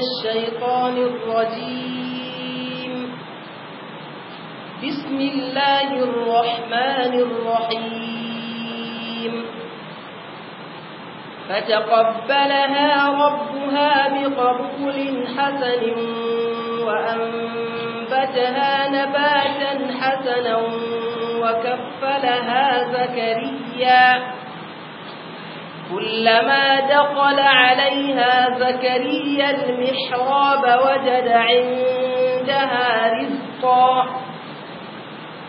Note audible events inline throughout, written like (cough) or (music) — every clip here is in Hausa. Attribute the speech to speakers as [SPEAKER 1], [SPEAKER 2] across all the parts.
[SPEAKER 1] الشيطان الرجيم بسم الله الرحمن الرحيم فتقبلها ربها بقبول حسن وأنبتها نباتا حسنا وكفلها زكريا كلما دخل عليها زكريا المحراب وجد عندها رزقا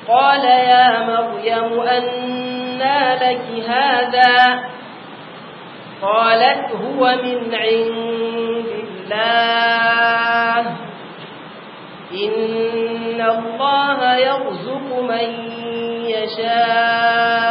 [SPEAKER 1] قال يا مريم أنى لك هذا قالت هو من عند الله إن الله يرزق من يشاء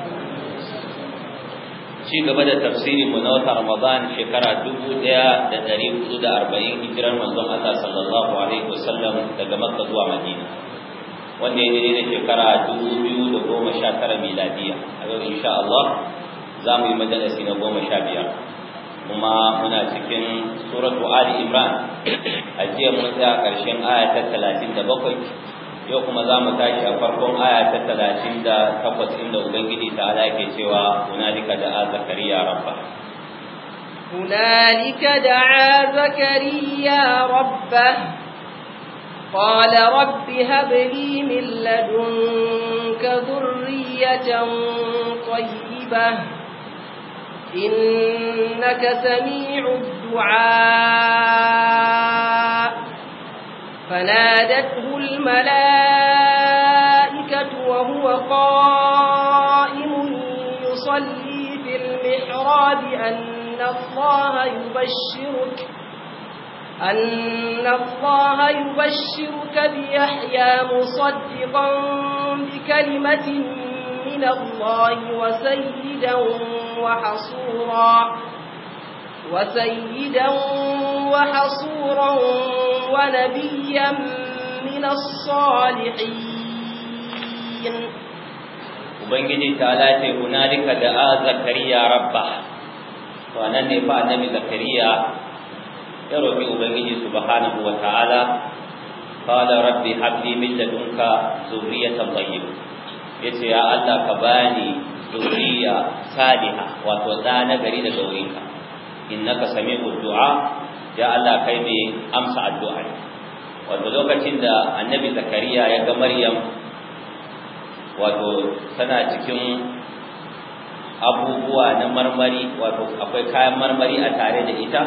[SPEAKER 2] ci gaba da tafsirin mu na wata Ramadan shekara 1440 hijirar manzon Allah sallallahu alaihi wasallam daga Makka zuwa Madina wanda ya da shekara 2019 miladiya a yau insha Allah za mu yi majalisi na goma sha biyar. kuma muna cikin suratu Ali Imran a jiya mun tsaya karshen aya ta 37 yau kuma za mu tashi a farkon aya ta talatin da takwas inda ubangiji ta ala ke cewa hunalika da zakariya rabba
[SPEAKER 1] هنالك دعا زكريا ربه قال رب هب لي من لدنك ذرية طيبة إنك سميع الدعاء فنادته الملائكة وهو قائم يصلي في المحراب أن الله يبشرك أن الله يبشرك بيحيى مصدقا بكلمة من الله وسيدا وحصورا وسيدا وحصورا ونبيا من الصالحين
[SPEAKER 2] Ubangiji ta lace hunalika da a zakariya rabba, to nan ne fa annabi zakariya ya roƙi Ubangiji subhanahu wa ta'ala, kala rabbi habli min ladunka zuriyatan tayyiba. Yace ya Allah ka bani zuriya saliha wato da na gari daga wurinka. innaka sami'ud du'a ya Allah kai mai amsa addu'a wato lokacin da annabi zakariya ya ga maryam wato tana cikin abubuwa na marmari wato akwai kayan marmari a tare da ita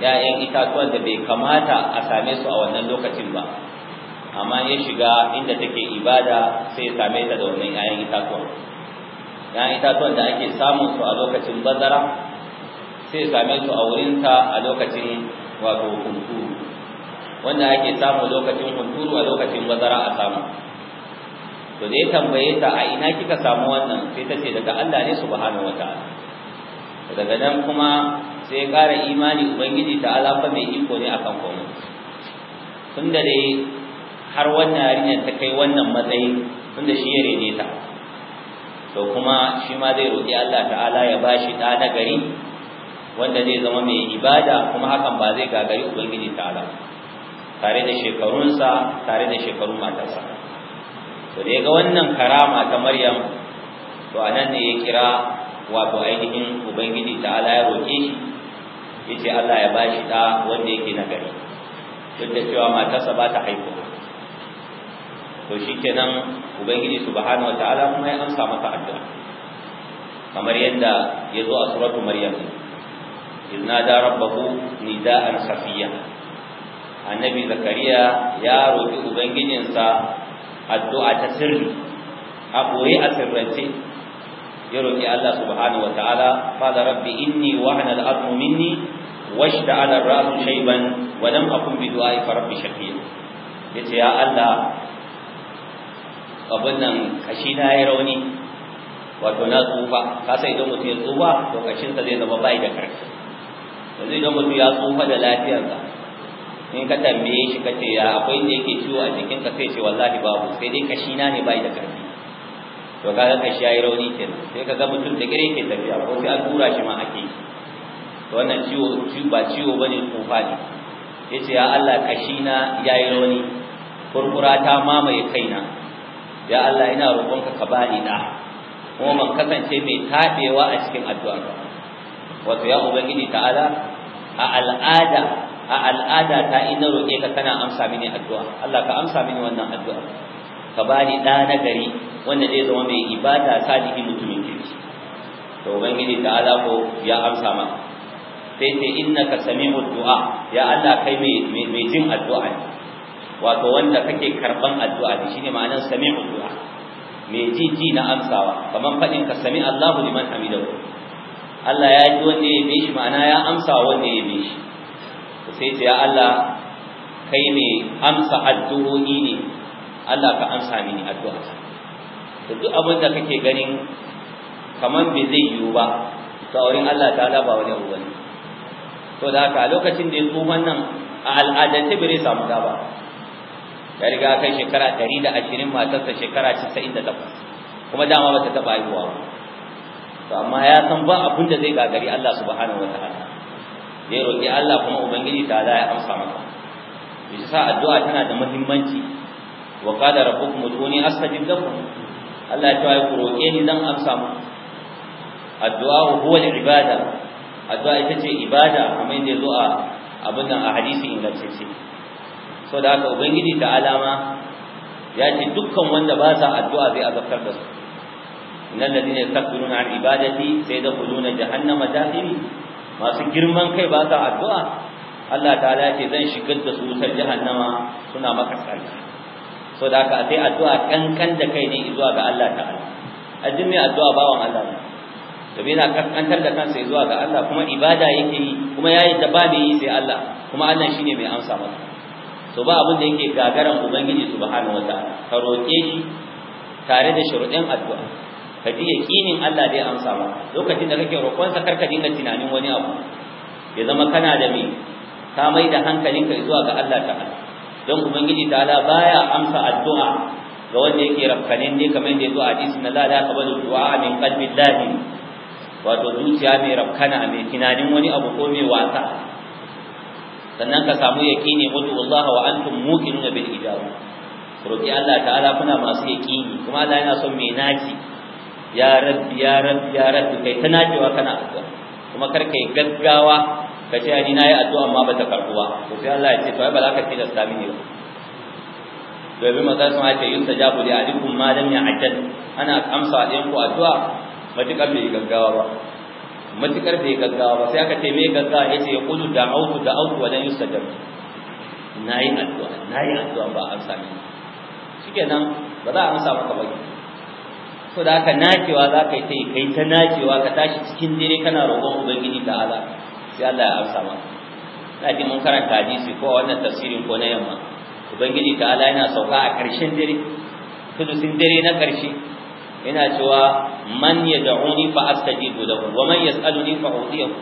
[SPEAKER 2] ya'yan itatuwan da bai kamata a same su a wannan lokacin ba amma ya shiga inda take ibada sai ya same ta da wannan ya'yan itatuwan ya'yan itatuwan da ake samun su a lokacin bazara sai same su a wurinsa a lokacin wato hunturu wanda ake samu lokacin hunturu a lokacin bazara a samu to da ya tambaye ta a ina kika samu wannan sai ta ce daga Allah ne subhanahu wataala daga nan kuma sai ya ƙara imani ubangiji ta alafa mai iko ne akan komai tun da dai har wannan yarinyar ta kai wannan matsayi tunda shi ya rene ta to kuma shi ma zai roƙi Allah ta'ala ya bashi ɗa na gari wanda zai zama mai ibada kuma hakan ba zai gagari ubangiji ta'ala tare da shekarunsa tare da shekarun matarsa to dai ga wannan karama ta maryam to anan ne ya kira wato ainihin ubangiji ta'ala ya roke shi yace Allah ya bashi da wanda yake nagari duk da cewa matarsa ba ta haifu to kenan ubangiji subhanahu wataala kuma ya amsa mata addu'a kamar yadda ya zo a suratu maryam iznada rabbahu nida'an khafiya annabi zakariya ya roki ubangijinsa addu'a ta sirri a boye a sirrance ya roki Allah subhanahu wataala qala rabbi inni wa'ana al-azmu minni washta'ala ar-ra'su shayban wa lam akun bi du'a'i fa rabbi shaqiya yace ya Allah abin nan kashi na ya rauni wato na tsufa ka sai idan mutum ya tsufa to kashinsa zai zama bai da karfi zai idan mutum ya tsufa da lafiyarsa in ka tambaye shi kace ya akwai ne yake ciwo a jikinka sai ce wallahi babu sai dai kashi na ne bai da karfi to ga kashi yayi rauni ke sai ka ga mutum da gare yake tafiya ko sai an tura shi ma ake to wannan ciwo ba ciwo bane tsufa ne yace ya Allah kashi na yayi rauni kurkura ta mamaye kaina ya Allah ina roƙonka ka bani da kuma man kasance mai tabewa a cikin addu'a wato ya ubangiji ta'ala a al'ada a al'ada ta ina roƙe ka kana amsa mini addu'a Allah ka amsa mini wannan addu'a ka bani da na gari wanda zai zama mai ibada salihi mutumin kirki to ubangiji ta'ala ko ya amsa maka sai ce innaka sami'ud du'a ya Allah kai mai mai jin addu'a ne wato wanda kake karban addu'a ne shine ma'anar sami'ud du'a mai ji ji na amsawa kamar fadin ka sami Allahu liman hamidahu Allah ya ji wanda ya bi shi ma'ana ya amsa wanda ya bi shi sai ce ya Allah kai ne amsa addu'o'i ne Allah ka amsa mini addu'a to duk abin da kake ganin kaman bai zai yiwu ba to wurin Allah ta ba wani abu bane to da haka lokacin da ya tsuman wannan a al'adance bai samu da ba ya riga kai shekara 120 matarsa shekara 98 kuma dama bata taba haihuwa ba to amma ya san ba abin da zai gagari Allah subhanahu ta'ala ya roki Allah kuma ubangiji ta Allah ya amsa maka shi sa addu'a tana da muhimmanci wa qala rabbukum ud'uni astajib lakum Allah ya tawaye ku roke ni dan amsa mu addu'a huwa al-ibada addu'a ita ce ibada amma inda zo a abin nan a hadisi ce-ce. so da haka ubangiji ta alama ya ce dukkan wanda ba sa addu'a zai azabtar da su innal ladina yastakbiruna an ibadati sayadkhuluna jahannama dakhiri masu girman kai ba sa addu'a Allah ta'ala ce zan shigar da su wutar jahannama suna maka tsarki so da haka sai addu'a kankan da kai ne zuwa ga Allah ta'ala ajin mai addu'a bawan Allah ne To domin yana kaskantar da kansa zuwa ga Allah kuma ibada yake yi kuma yayi da ba yi sai Allah kuma Allah shine mai amsa masa so ba abin da yake gagaran ubangiji subhanahu wataala ka roke shi tare da shuruɗin addu'a ka ji yaqinin Allah zai amsa ba. lokacin da kake roƙon sa karka dinga tunanin wani abu ya zama kana da me ka mai da hankalinka zuwa ga Allah ta'ala don ubangiji ta'ala baya amsa addu'a ga wanda yake rafkanin ne kamar yadda ya zo a hadisi na la la bada du'a min qalbi lahi wato zuciya mai rafkana mai tunanin wani abu ko mai wasa sannan ka samu yaqini wa Allah wa antum muqinuna bil ijaba roki Allah ta'ala kuna masu yaqini kuma Allah yana son mai naci ya rabbi ya rabbi ya rabbi kai tana cewa kana addu'a kuma kar kai gaggawa ka ce ni na yi addu'a amma ba ta karɓu ba to sai Allah ya ce to ai ba za ka ce da sami ne ba domin maza sun ce yin tajabu li alikum ma lam ya'jal ana amsa da yanku addu'a matukar bai gaggawa ba matukar bai gaggawa ba sai aka ce me gaggawa yace ya qulu da'awtu da'awtu wa lam yustajab nayi addu'a nayi addu'a ba amsa ne shikenan ba za a amsa maka ba so da haka nacewa za ka yi ta yi kai ta nacewa ka tashi cikin dare kana roƙon ubangiji ta ala sai Allah ya amsa ma na ji mun karanta hadisi ko a wannan tafsirin ko na yamma ubangiji ta ala yana sauka a ƙarshen dare sulusin dare na ƙarshe yana cewa man yad'uni fa astajibu lahu wa man yas'aluni fa utiyahu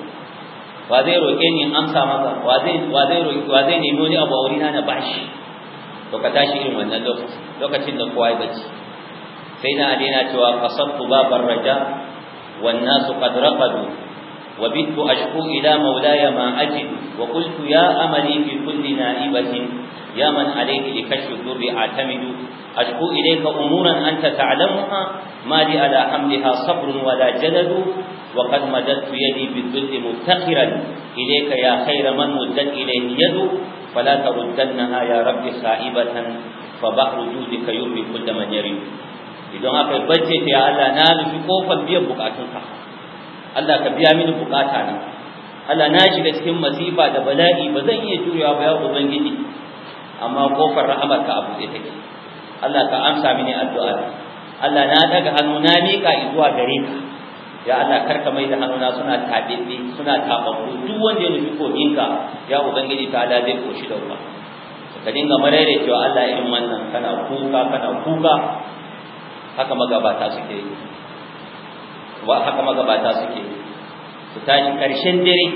[SPEAKER 2] wa zai roƙe ni in amsa masa wa zai wa zai roƙi wa zai nemi wani abu a wurina na bashi to ka tashi irin wannan lokaci lokacin da kowa ya bacci sai na adina cewa qasattu babar raja wan nasu qad raqadu wa bitu ashku ila mawlaya ma ajid wa qultu ya amali fi kulli na'ibatin ya man alayhi likashfi dhurri atamidu ashku ilayka umuran anta ta'lamuha ma li ala hamliha sabrun wa la jaladu وقد مددت يدي بالذل مفتخرا إليك يا خير من مدت إليه يد فلا تردنها يا رب خائبة فبحر جودك يرمي كل من يريد idan aka yi bacci ta ya Allah na nufi kofar biyan bukatunka Allah ka biya mini bukata na Allah na shiga cikin masifa da bala'i ba zan iya jurewa ba ya ubangiji amma kofar ka a buɗe take Allah ka amsa mini addu'a Allah na daga hannu na miƙa zuwa gare ka ya Allah karka mai da hannuna suna tabibbi suna tababbu duk wanda ya nufi kofinka ya ubangiji ta Allah zai koshi da ruwa ka dinga marare cewa Allah irin wannan kana kuka kana kuka haka magabata suke wa haka magabata suke yi su tashi ƙarshen dare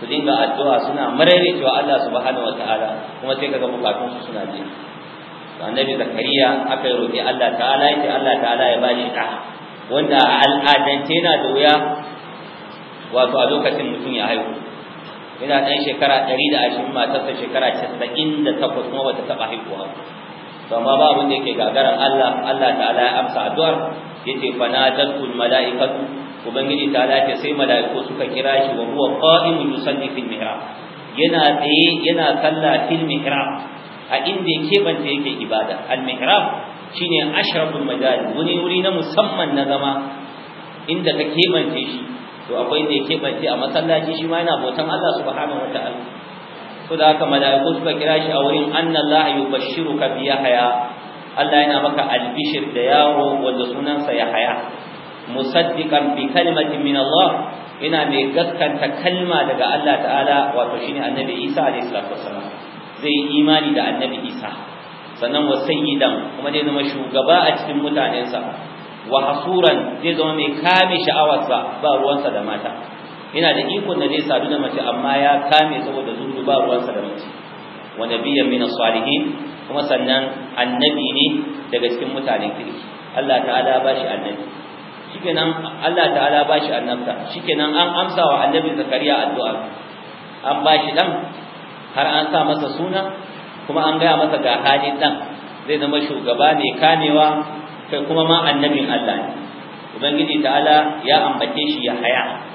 [SPEAKER 2] su dinga addu'a suna marare cewa Allah subhanahu wataala kuma sai kaga bukatun su suna biya annabi zakariya aka yi roƙi Allah ta'ala ya Allah ta'ala ya bashi da wanda al'adance yana da wuya wato a lokacin mutum ya haihu yana ɗan shekara ɗari da ashirin, matarsa shekara takwas kuma bata taɓa haihuwa ba to amma ba abin da yake gagarar Allah Allah ta'ala ya amsa addu'ar yace fanadatul malaikatu ubangiji ta'ala ce sai malaiku suka kira shi wa huwa qa'imun yusalli fil mihrab yana tsaye yana salla fil mihrab a inda yake banta yake ibada al mihrab shine ashrabul majal wani wuri na musamman na zama inda ka kebance shi to akwai da ya banta, a masallaci shi ma yana botan Allah subhanahu wataala Kuda da haka mala'iku suka kira shi a wurin annallaha yubashshiruka bi yahya Allah yana maka albishir da yaro wanda sunansa yahya musaddiqan bi kalimatin min Allah ina mai gaskanta kalma daga Allah ta'ala wato shine annabi Isa alayhi salatu wasalam zai imani da annabi Isa sannan wa sayyidan kuma zai zama shugaba a cikin mutanensa wa hasuran zai zama mai kame sha'awarsa ba ruwansa da mata yana da ikon da zai sadu da mace amma ya kame saboda zuhudu ba ruwansa da mace wa nabiyyan min salihin kuma sannan annabi ne daga cikin mutanen kirki Allah ta'ala ba shi annabi shikenan Allah ta'ala ba shi annabta shikenan an amsa wa annabi Zakariya addu'a an ba shi dan har an sa masa suna kuma an gaya masa ga halin dan zai zama shugaba ne kamewa kai kuma ma annabin Allah ne ubangiji ta'ala ya ambace shi ya haya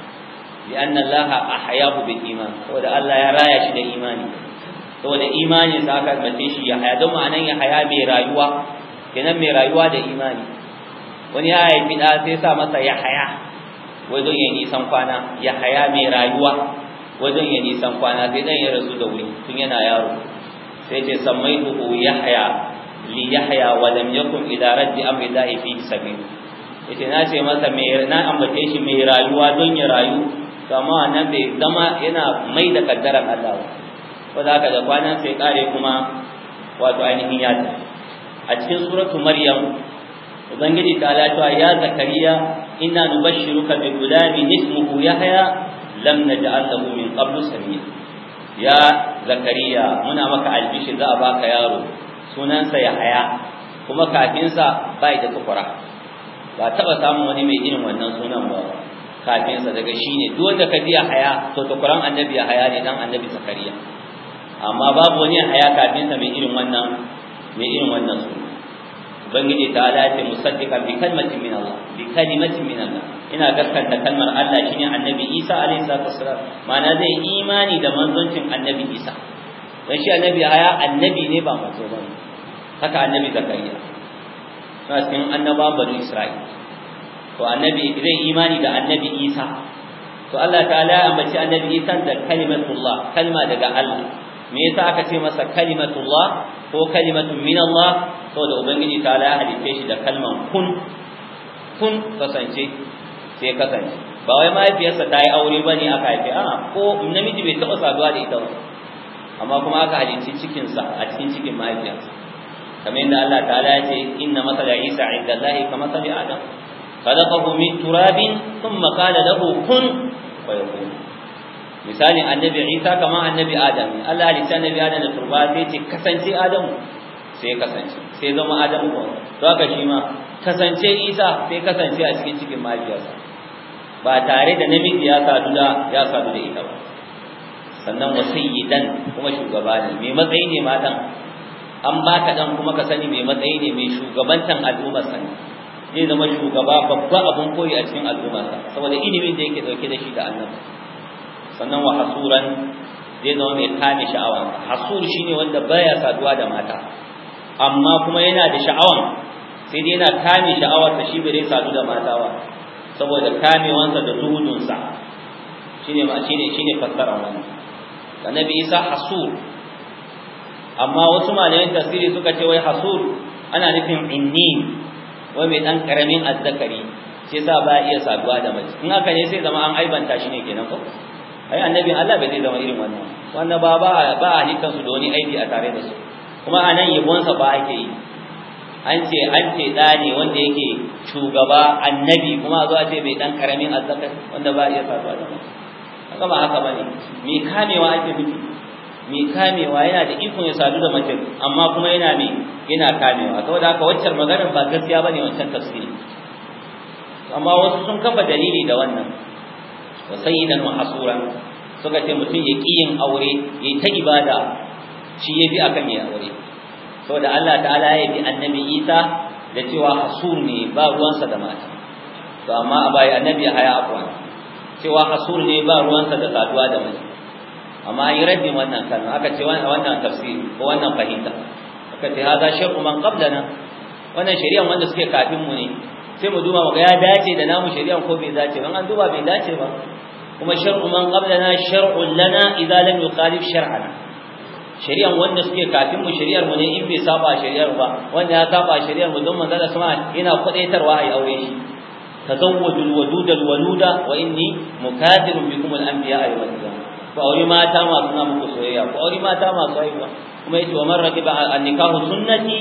[SPEAKER 2] لأن الله أحياه بالإيمان saboda Allah ya raya shi da imani saboda imani sa aka mace shi ya haya don ma'anan ya haya mai rayuwa kenan mai rayuwa da imani wani ya haifi da sai sa masa ya haya wajen ya nisan kwana ya haya mai rayuwa wajen ya nisan kwana sai dan ya rasu da wuri tun yana yaro sai ce sammaituhu yahya li yahya wa fi na ce masa me mai rayuwa don ya rayu kama nan bai zama yana mai da kaddarar Allah ba ko da haka da kwanan sai kare kuma wato ainihin ya ta a cikin suratu maryam ubangiji ta latuwa ya zakariya inna nubashshiruka bi gulamin ismuhu yahya lam naj'al lahu min qablu samia ya zakariya muna maka albishi za a baka yaro sunansa yahya kuma kafinsa bai da tukura ba taba samun wani mai irin wannan sunan ba Kafin sa daga shi ne duk wanda ka biya haya to to Qur'an annabi ya haya ne dan annabi zakariya amma babu wani haya kafin sa mai irin wannan mai irin wannan suna ubangiji ta ala ta musaddiqan bi kalmatin min Allah bi kalimatin min Allah ina gaskanta kalmar Allah shine annabi Isa alaihi salatu wassalam ma'ana zai imani da manzoncin annabi Isa dan shi annabi haya annabi ne ba manzo ba haka annabi zakariya suna cikin annaba bani Isra'ila to annabi zai imani da annabi Isa to Allah ta'ala ya ambaci annabi Isa da kalimatullah kalma daga Allah me yasa aka ce masa kalimatullah ko kalimatun min Allah saboda ubangiji ta'ala ya halice shi da kalman kun kun kasance sai kasance ba wai mahaifiyarsa ta yi aure bane aka haife a ko namiji bai taɓa saduwa da ita ba amma kuma aka halicci cikinsa a cikin cikin mahaifiyarsa kamar yadda Allah ta'ala ya ce inna masala Isa inda Allah kamar sabi Adam خلقه من تراب ثم قال له كن فيكون misalin annabi Isa kama annabi Adam Allah ya annabi Adam da turba sai ce kasance Adamu sai kasance sai zama Adamu ko to haka shi ma kasance Isa sai kasance a cikin cikin mahaifiyarsa ba tare da namiji ya sadu da ya sadu da ita ba sannan wasayyidan kuma shugaba ne mai matsayi ne matan an baka dan kuma ka sani mai matsayi ne mai shugabantan al'ummar sani zai zama shugaba babba abun koyi a cikin al'ummarsa saboda ilimin da yake dauke da shi da annabi sannan wa hasuran zai zama mai kame sha'awa hasur shine wanda baya saduwa da mata amma kuma yana da sha'awan sai dai yana kame sha'awarsa shi bai sadu da mata ba saboda kamewansa da zuhudunsa shine ma shine shine fassara wannan annabi isa hasur amma wasu malayan tasiri suka ce wai hasur ana nufin inni wa mai dan karamin azzakari shi yasa ba iya saduwa da mace in aka ne sai zama an aibanta shi ne kenan ko ai annabi Allah bai zai zama irin wannan wannan ba ba ba halittar su doni aibi a tare da su kuma anan sa ba ake yi an ce an ce da ne wanda yake shugaba annabi kuma zo a ce bai dan karamin azzakari wanda ba iya saduwa da mace haka ba haka bane me kamewa ake nufi mai kamewa yana da ikon ya sadu da mutum, amma kuma yana mai yana kamewa saboda haka waccan maganar ba gaskiya bane wancan tafsiri amma wasu sun kafa dalili da wannan wa sayyidan wa hasura suka ce mutum ya ki yin aure ya ta ibada shi ya bi akan ya aure saboda Allah ta'ala ya bi annabi Isa da cewa hasur ne ba ruwansa da mata to amma a baya annabi ya haya afwan cewa hasur ne ba ruwansa da saduwa da mata. amma an yi raddin wannan kalma aka ce wannan tafsiri ko wannan fahimta aka ce haza shar'u man qablana wannan shari'an wanda suke kafin mu ne sai mu duba ga ya dace da namu shari'an ko bai dace ban an duba bai dace ba kuma shar'u man qablana shar'un lana idza lam yukhalif shar'ana shari'an wanda suke kafin mu shari'ar mu ne in bai saba shari'ar ba wanda ya saba shari'ar mu don manzo da sama yana kudaitarwa ai aure shi tazawwajul wadudal waluda wa inni mukadirun bikum al-anbiya wal ku auri mata masu na muku soyayya ku auri mata masu soyayya kuma yace wa man raqiba an nikahu sunnati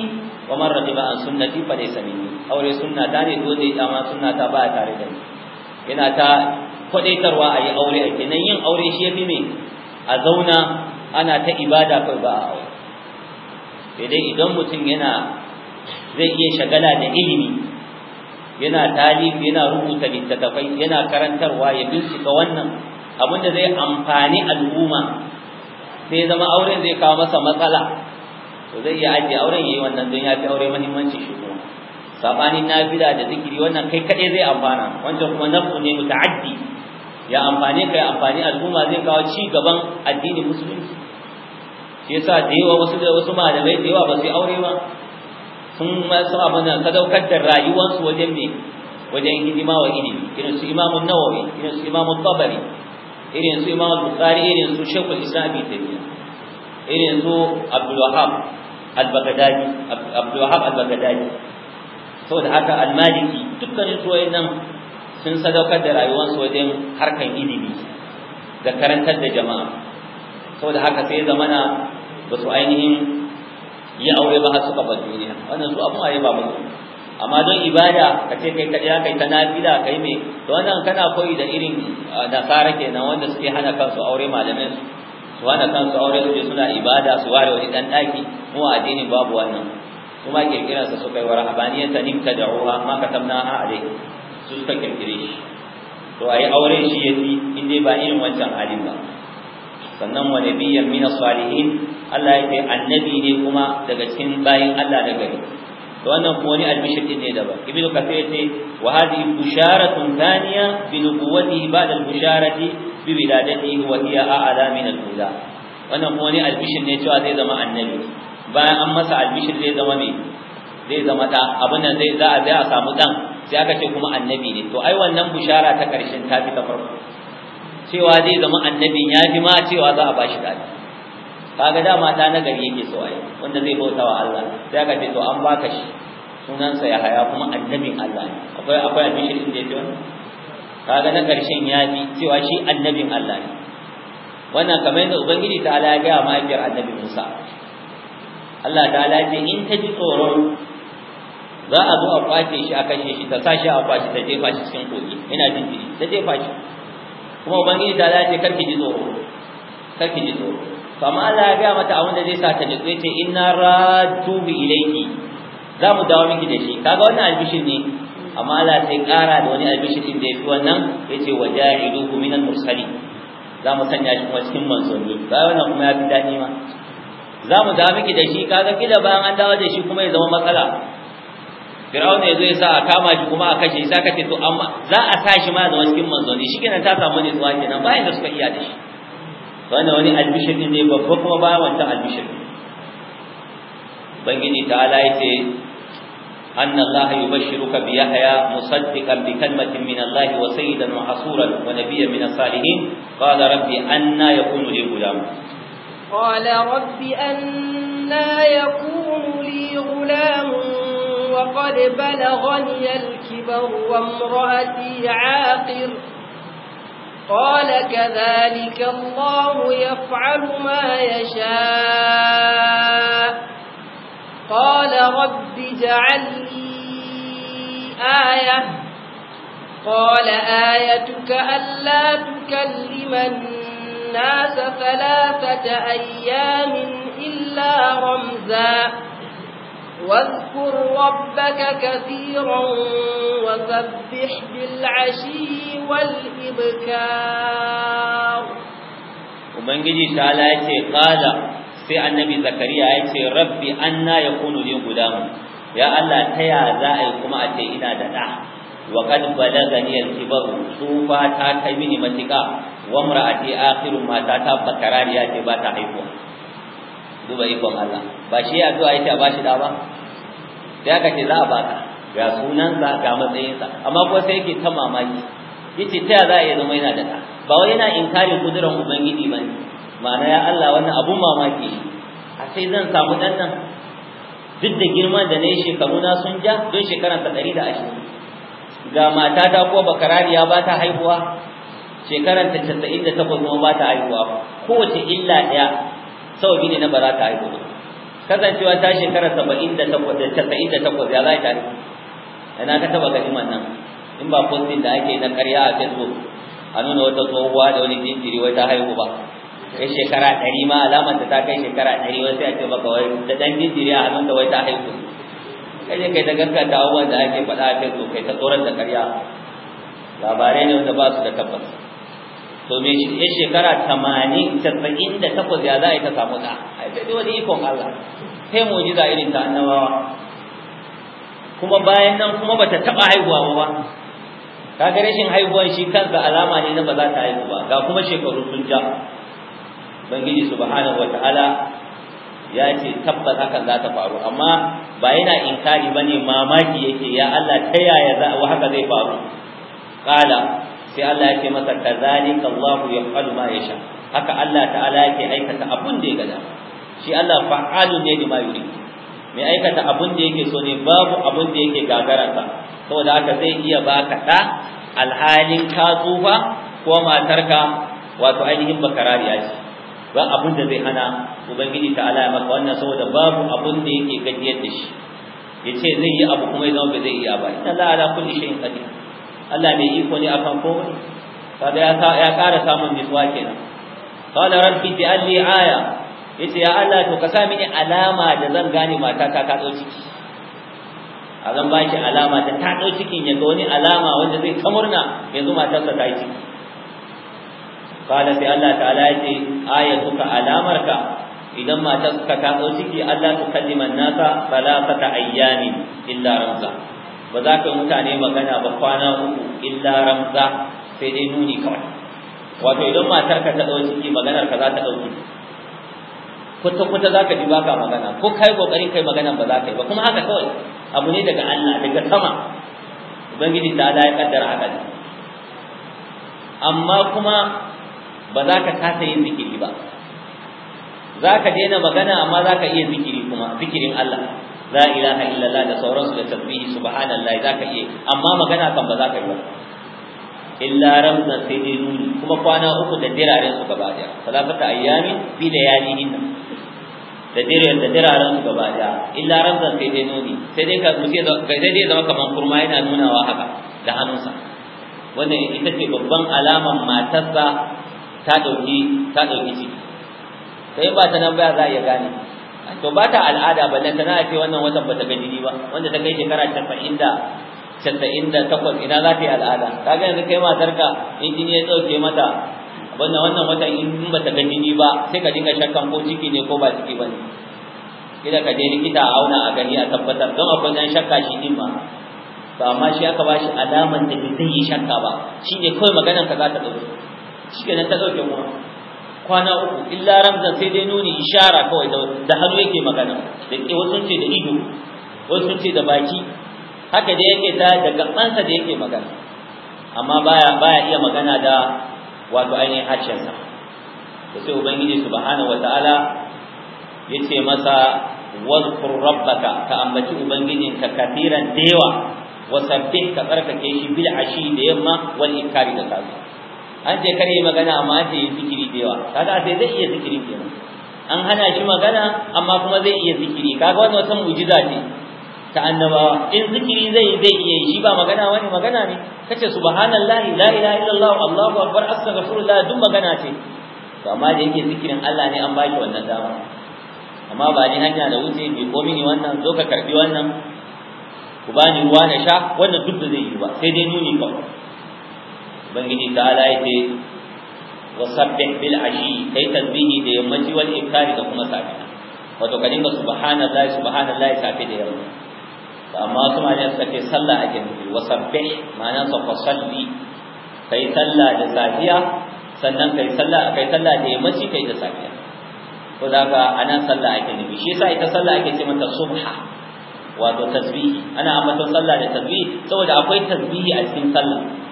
[SPEAKER 2] wa man raqiba an sunnati fa laysa minni aure sunna ta ne dole ya ma sunna ta ba tare da ni yana ta kwadaitarwa a yi aure a kenan yin aure shi yafi me a zauna ana ta ibada ko ba a aure dai idan mutum yana zai iya shagala da ilimi yana talib yana rubuta littattafai yana karantarwa ya bincika wannan abinda zai amfani al'umma sai zama auren zai kawo masa matsala to zai iya ajiye auren yayi wannan don ya fi aure muhimmanci shi kuma sabanin nafila da zikiri wannan kai kade zai amfana wancan kuma nafu ne muta'addi ya amfane kai amfani al'umma zai kawo ci gaban addinin musulunci shi yasa da yawa wasu da wasu malamai da yawa ba su aure ba sun masu abin nan sadaukar da rayuwarsu wajen ne wajen hidima wa ilimi irin su imamun nawawi irin su imamun tabari irin su imam bukari irin su shekul islam ta taymiya irin su Abdulwahab al-baghdadi saboda haka al-maliki dukkanin su nan sun sadaukar da rayuwarsu wajen harkan ilimi da karantar da jama'a saboda haka sai zamana ba su ainihin yi aure ba suka bar duniya wannan su abun ayi ba musu amma don ibada ka ce kai kaje kai ta nafila kai me to wannan kana koyi da irin ah, nasara kenan wanda suke hana kansu aure malamin su su hana kansu aure su suna ibada su ware wani dan daki mu addinin babu wannan kuma kirkiran sa suka yi wa rahabaniyata nimta da'uha ma katabna alai su suka kirkire shi to ai aure shi yafi in dai ba irin wancan halin ba sannan wa nabiyyan min as-salihin Allah ya ce annabi ne kuma daga cikin bayin Allah da gari wannan kuma wani albishir din ne daban ibn kathir yace wa hadhihi busharatun thaniya bi nubuwwatihi ba'da al-busharati bi wiladatihi wa hiya a'la min al-ula wannan kuma wani albishir ne cewa zai zama annabi bayan an masa albishir zai zama me zai zama da abin nan zai za a zai a samu dan sai aka ce kuma annabi ne to ai wannan bushara ta karshen ta fi ta farko cewa zai zama annabin ya fi ma cewa za a bashi dadi kaga dama da na gari yake so ai wanda zai bauta wa Allah sai aka ce to an baka shi sunansa ya haya kuma annabin Allah ne akwai akwai addinin da yake wannan kaga na karshen yafi cewa shi annabin Allah ne wannan kamar yadda ubangiji ta ala ya ga mahaifiyar annabi Musa Allah ta ala ce in ta ji tsoron za a zo a kwace shi a kashe shi ta sashi a kwace ta jefa shi cikin kogi ina jin jiri ta jefa shi kuma ubangiji ta ce karki ji tsoro karki ji tsoro amma Allah ya ga mata abin da zai sa ta nutsu yace inna bi ilayki za mu dawo miki da shi kaga wannan albishin ne amma Allah sai kara da wani albishin din da yafi wannan yace wajahiduhu minan mursali za mu sanya shi kuma cikin manzoni kaga wannan kuma ya fi daɗi ma za mu dawo miki da shi kaga kila bayan an dawo da shi kuma ya zama matsala Firawun ya zo ya sa a kama shi kuma a kashe shi saka ce to amma za a sa shi ma da wasu cikin manzanni shikenan ta samu ne zuwa kenan bayan da suka iya da shi wannan wani albishir din ne babba kuma ba wancan albishir bangiji ta ala yace anna allaha yubashshiruka bi yahya musaddiqan bi kalmatin min allahi wa sayyidan wa asuran wa nabiyyan min salihin qala rabbi anna yakunu li ghulam
[SPEAKER 1] qala rabbi anna yakunu li ghulam وقد بلغني الكبر وامرأتي عاقر قال كذلك الله يفعل ما يشاء قال رب اجعل لي آية قال آيتك ألا تكلم الناس ثلاثة أيام إلا رمزاً واذكر ربك كثيرا وسبح بالعشي والإبكار
[SPEAKER 2] Ubangiji ta'ala ya ce ƙada sai annabi Zakariya ya ce rabbi anna ya kunu lin gudamu ya Allah ta ya za a yi kuma a ce ina da ɗa wa qad balagani al-kibar tsufa ta kai mini matiƙa wa mar'ati akhirun mata ta bakarariya ce ba ta haihuwa duba ikon Allah ba shi ya zuwa yake ba bashi da ba sai aka ce za a baka ga sa ga matsayinsa amma kuma sai yake ta mamaki yace ta za a iya zama yana da ta ba wai yana inkari kudurar ubangiji ba ne ma'ana ya Allah wannan abu mamaki a sai zan samu dan nan duk da girman da na yi shekaru na sun ja don shekaran ta ɗari da ashirin ga matata ko bakarariya ba ta haihuwa shekaran ta casa'in da takwas kuma ba ta haihuwa kowace illa ɗaya sababi ne na ba za ta haihu kasancewa ta shekara saba'in da takwas, da takwas ya za ta haihu yana ka taba ganin wannan in ba postin da ake na karya a facebook a nuna wata tsohuwa da wani jinjiri wai ta haihu ba ya shekara ɗari ma alamar da ta kai shekara ɗari wasu ya ce maka wai da ɗan jinjiri a hannun da wai ta haihu kai kai ta gaskata abubuwan da ake faɗa a facebook kai ta tsoron da karya labarai ne wanda ba su da tabbas to me shi ne shekara 80 ya za ta samu da ai wani ikon Allah sai ji irin ta annabawa kuma bayan nan kuma bata taba haihuwa ba Ta kaga rashin haihuwan shi kansa alama ne na ba za ta haihu ba ga kuma shekaru sun ja bangiji su subhanahu wataala ya ce tabbas hakan za ta faru amma ba yana inkari ne mamaki yake ya Allah ta yaya za haka zai faru Ƙala. sai Allah yake masa kazalika Allahu yaf'alu ma yasha haka Allah ta'ala yake aikata abun da ya gada shi Allah fa'alu ne da mai mai aikata abun da yake so ne babu abun da yake gagaranta saboda haka zai iya baka da alhalin ka tsufa ko matarka wato ainihin bakarariya ce ba abun da zai hana ubangiji ta'ala ya maka wannan saboda babu abun da yake gajiyar da shi yace zai yi abu kuma ya zama ba zai iya ba inna la ala kulli shay'in qadir Allah mai iko ne akan komai kada ya ya ƙara samun nutsuwa kenan qala rabbi alli aya yace ya Allah to ka sa mini alama da zan gane mata ta ka ciki a zan ba shi alama da ta ɗau kin ya ga wani alama wanda zai kamurna murna yanzu matarsa ta yi ciki kala sai Allah ta'ala ya ce alamar alamarka idan mata ta ɗau ciki Allah tukallima nasa salasata ayyamin illa ramza ba za ka mutane magana ba kwana uku illa ramza sai dai nuni kawai wato idan matar ka ta dau ciki maganar ka za ta dauke kuta kuta za ka ji baka magana ko kai kokarin kai maganar ba za ka yi ba kuma haka kawai abu ne daga Allah daga sama ubangiji ta Allah ya kaddara haka ne. amma kuma ba za ka kasa yin zikiri ba za ka daina magana amma za ka iya zikiri kuma zikirin Allah la ilaha illallah da sauransu da tasbihi subhanallahi zaka iya amma magana kan ba zaka yi ba illa ramza sai nuni kuma kwana uku da diraren su gaba da salafata ayyami bi layalihin da diraren da diraren su gaba da illa ramza sai nuni sai dai ka da sai dai zama kaman kurma yana nunawa haka da hannunsa wannan ita ce babban alaman matarsa ta dauki ta dauki ciki sai ba ta nan baya za a iya gane to ba ta al'ada balle tana ce wannan watan ba ta ga jini ba wanda ta kai shekara 90 da 98 ina za ta yi al'ada kaga yanzu kai matarka in jini ya dauke mata wannan wannan watan in ba ta ga jini ba sai ka dinga shakkan ko ciki ne ko ba ciki ba ne ka je likita a auna a gani a tabbatar don akwai dan shakka shi din ma to amma shi aka ba shi alaman da bai yi shakka ba shine kawai maganar ka za ta dauke shikenan ta dauke mu kwana uku illa ramzan sai dai nuni ishara kawai da hannu yake magana da wasu ce da ido wasu ce da baki haka da yake ta da gabansa da yake magana amma baya baya iya magana da wato ainihin harshensa da sai ubangiji subhanahu wataala ce masa wazkur rabbaka ka ambaci ubangijinka kafiran dewa wasabbih ka tsarkake shi bil ashi da yamma wal ikari da safiya an je kare magana amma an yi zikiri da yawa kaga sai zai iya zikiri kenan an hana shi magana amma kuma zai iya zikiri kaga wannan wata mu'jiza ce ta annabawa in zikiri zai zai iya yi, shi ba magana wani magana ne kace subhanallahi la ilaha illallah allahu akbar astaghfirullah duk magana ce to amma da yake zikirin Allah ne an baki wannan dama amma ba ni hanya da wuce bi ko mini wannan zo ka karbi wannan ku bani ruwa na sha wannan duk da zai yi ba sai dai nuni kawai ubangiji ta'ala wa sabbih bil ashi kai tasbihi da yammaci wal iftari da kuma safiya wato ka dinga subhanallahi subhanallahi safi da yamma amma su ma ne suka ce sallah a jami'i wasabbih ma'ana sa fasalli kai sallah da safiya sannan kai sallah kai sallah da yammaci kai da safiya ko da ka ana sallah a nufi shi yasa ita sallah ake ce mata subha wato tasbihi ana ambaton sallah da tasbihi saboda akwai tasbihi a cikin sallah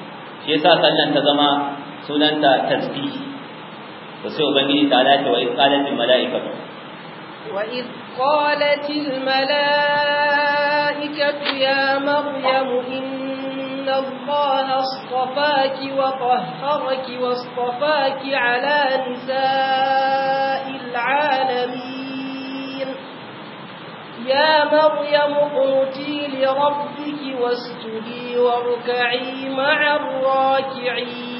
[SPEAKER 2] shi yasa sallan ta zama sunanta tasbih to sai ubangiji ta lati wa iqalatil malaikatu
[SPEAKER 1] wa id qalatil malaikatu ya maryam inna allaha astafaki wa tahharaki wastafaki ala nisa'il alamin يا مريم قلتي لربك واسجدي واركعي مع الراكعين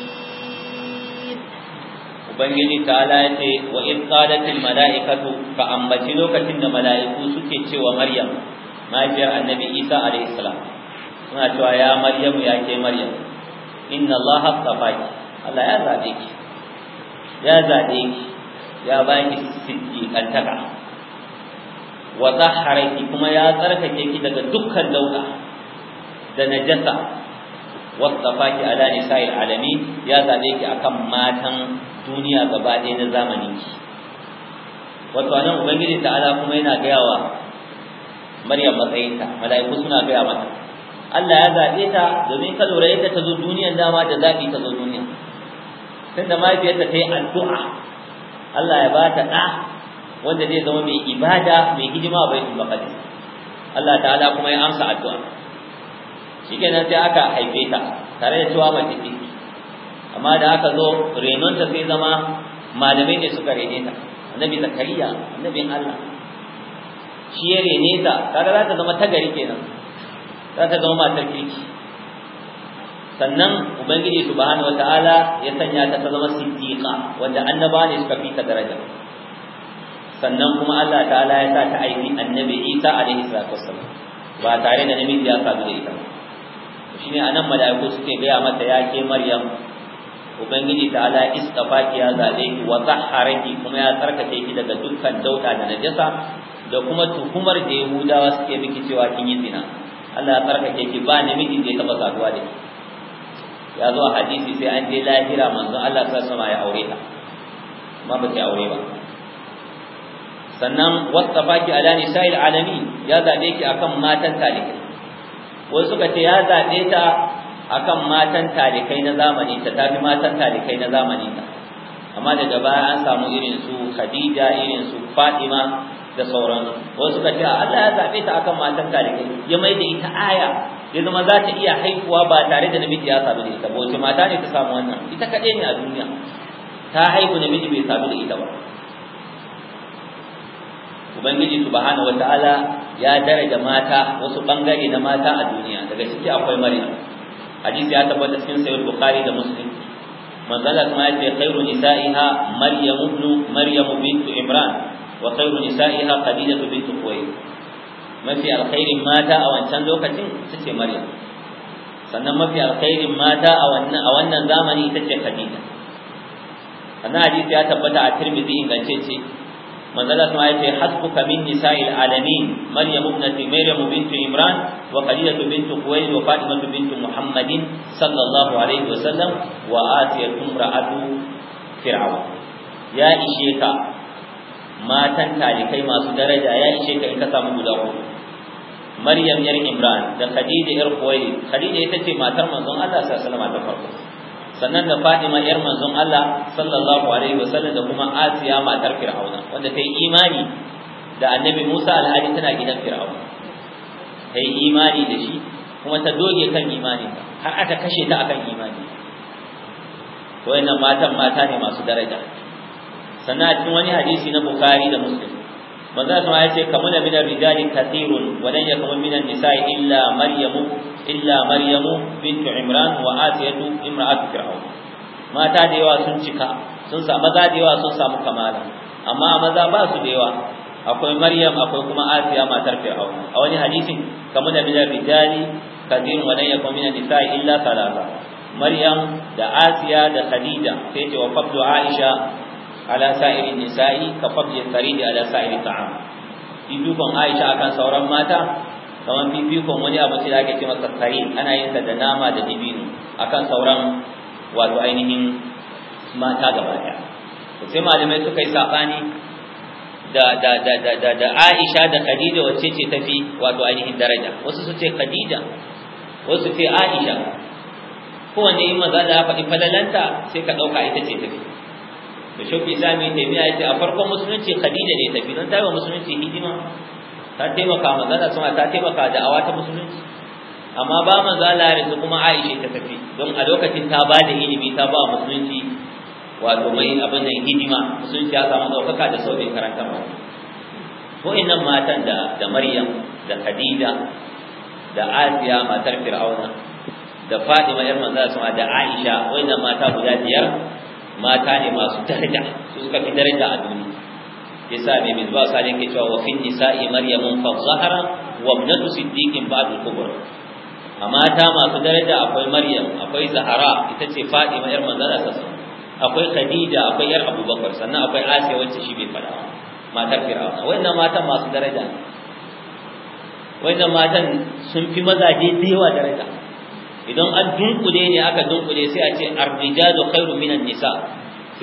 [SPEAKER 2] Ubangiji ta'ala ya ce wa in qalatil mala'ikatu ka ambaci lokacin da mala'iku suke cewa Maryam mahaifiyar Annabi Isa alayhi salam suna cewa ya Maryam ya ke Maryam inna Allah astafaki Allah ya zaɓe ki ya zaɓe ki ya baki siddiqantaka wa ki, kuma ya tsarkake ki daga dukkan dauda da najasa wasafaki ala nisa'il alami ya zabe ki akan matan duniya gaba ɗaya na zamani ki wato anan ubangiji Ala kuma yana gayawa maryam matsayinta mala'iku suna gaya mata Allah ya zabe ta domin ka lura yadda ta zo duniyar dama da zaɓi ta zo duniya da mahaifiyarta ta yi addu'a Allah ya ba ta ɗa wanda zai zama mai ibada mai hidima bai baitul Allah ta'ala kuma ya amsa addu'a shikenan sai aka haife ta tare da cewa mace ce amma da aka zo renon ta sai zama malamai ne suka rene ta annabi zakariya annabin Allah shi ya rene ta kaga za ta zama ta gari kenan za ta zama matar kirki sannan ubangiji subhanahu wataala ya sanya ta ta zama siddiqa wanda annaba ne suka fita daraja sannan kuma Allah ta'ala ya sa ta aiki annabi Isa alaihi salatu wassalam ba tare da namiji ya sadu da ita ba shine anan malaiku suke gaya mata ya ke maryam ubangiji ta ala istafaki ya zabe ki wa zahharaki kuma ya tsarkake ki daga dukkan dauda da najasa da kuma tuhumar da yahudawa suke miki cewa kin yi zina Allah ya tsarkake ki ba namiji da ya taba saduwa da ki ya zo a hadisi sai an je lahira manzo Allah ta sama ya aure ta amma ba ta aure ba sannan wasafaki ala nisa'il alamin ya zabe ki akan matan talikai wasu suka ce ya zaɓe ta akan matan talikai na zamani ta tafi matan talikai na zamani ta amma daga baya an samu irin su Khadija irin su Fatima da sauran wasu suka ce Allah ya zabe ta akan matan talikai ya mai da ita aya ya zama za ta iya haihuwa ba tare da namiji ya samu da ita ba wace mata ne ta samu wannan ita kaɗai ne a duniya ta haihu namiji bai samu da ita ba ubangiji subhanahu wataala ya daraja mata wasu bangare na mata a duniya daga ciki akwai maryam hadisi ya tabbata cikin sahih bukhari da muslim manzalat kuma ya ce khairu nisa'iha maryam ibn maryam bint imran wa khairu nisa'iha khadija bint khuwaylid mafi alkhairin mata a wancan lokacin ita ce maryam sannan mafi alkhairin mata a wannan a wannan zamani ita ce khadija sannan hadisi ya tabbata a tirmidhi ingance ce manzala kuma ya ce hasbuka min nisa'il alamin maryam ibnati maryam bint imran wa khadija bint khuwaylid wa fatima bint muhammadin sallallahu alaihi wasallam wa atiyatun ra'atu fir'aun ya ishe ka matan talikai masu daraja ya ishe ka in ka samu guda hudu maryam yar imran da khadija yar khuwaylid khadija ita ce matar manzon Allah sallallahu alaihi wasallam ta farko sannan da Fatima yar manzon Allah sallallahu alaihi wasallam da kuma Asiya matar Fir'auna wanda ta yi imani da Annabi Musa Alhaji tana gidan Fir'auna ta yi imani da shi kuma ta doge kan imani har aka kashe ta akan imani wayannan matan mata ne masu daraja sannan cikin wani hadisi na Bukhari da Muslim manzo sama ya ce kamuna min ar-rijali kathirun wa lan yakun min an-nisa'i illa maryamu illa maryamu bintu imran wa asiyatu imra'atu fir'aun mata da yawa sun cika sun samu maza da yawa sun samu kamala amma maza ba su da yawa akwai maryam akwai kuma asiya matar fir'aun a wani hadisin kamar da min rijali kadir wa lan yakun min nisa illa salasa maryam da asiya da khadija sai ce wa fadlu aisha ala sa'irin nisa'i ka fadli saridi ala sa'iri ta'am idukon aisha akan sauran mata kamar fifikon wani abinci da ake ce masa kare ana yin sa da nama da dibino akan sauran wato ainihin mata gaba daya sai malamai suka yi sabani da da da da da, da Aisha da Khadija wacce ce tafi wato ainihin daraja wasu su ce Khadija wasu su ce Aisha kowanne in maza da ya faɗi falalanta sai ka ɗauka ita ce tafi da shauki sami taimiya ya ce a farkon musulunci khadija ne tafi don ta yi wa musulunci hidima ta taimaka magana suna ta taimaka da awa ta musulunci amma ba manzala ya rasu kuma Aisha ta tafi don a lokacin ta ba da ilimi ta ba musulunci wato mai abin nan hidima musulunci ya samu ɗaukaka da karanta ba. ko innan matan da da Maryam da Khadija da Asiya matar Fir'auna da Fatima yar manzala suna da Aisha wannan mata guda biyar mata ne masu daraja su suka fi daraja a duniya yasa mai mizba sale ke cewa wa fin nisa'i maryamun fa zahara wa ibnatu siddiqin ba'd al-kubra amma ta masu daraja akwai maryam akwai zahara ita ce fatima yar manzara ta akwai khadija akwai yar abubakar sannan akwai asiya wacce shi bai fada matar fir'auna wannan matan masu daraja wannan matan sun fi mazaje da yawa daraja idan an dunkule ne aka dunkule sai a ce ar-rijalu khairu minan nisa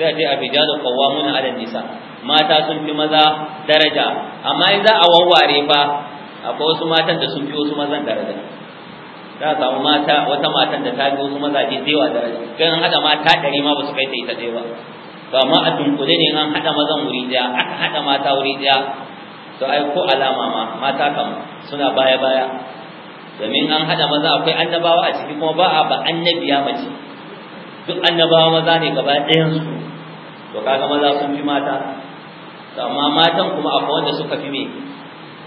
[SPEAKER 2] sai a ce ar-rijalu qawwamuna 'ala nisa mata sun fi maza daraja amma in za a wawware fa akwai wasu matan da sun fi wasu mazan daraja za a samu mata wata matan da ta fi wasu mazaje ke yawa daraja kai an haɗa mata ɗari ma ba su kai ta ita ɗaya ba to amma a dunkule ne an haɗa mazan wuri ɗaya aka haɗa mata wuri ɗaya to ai ko alama ma mata kam suna baya baya domin an haɗa maza akwai annabawa a ciki kuma ba a ba annabiya mace duk annabawa maza ne gaba ɗayan su to kaga maza sun fi mata amma matan kuma akwai wanda suka fi me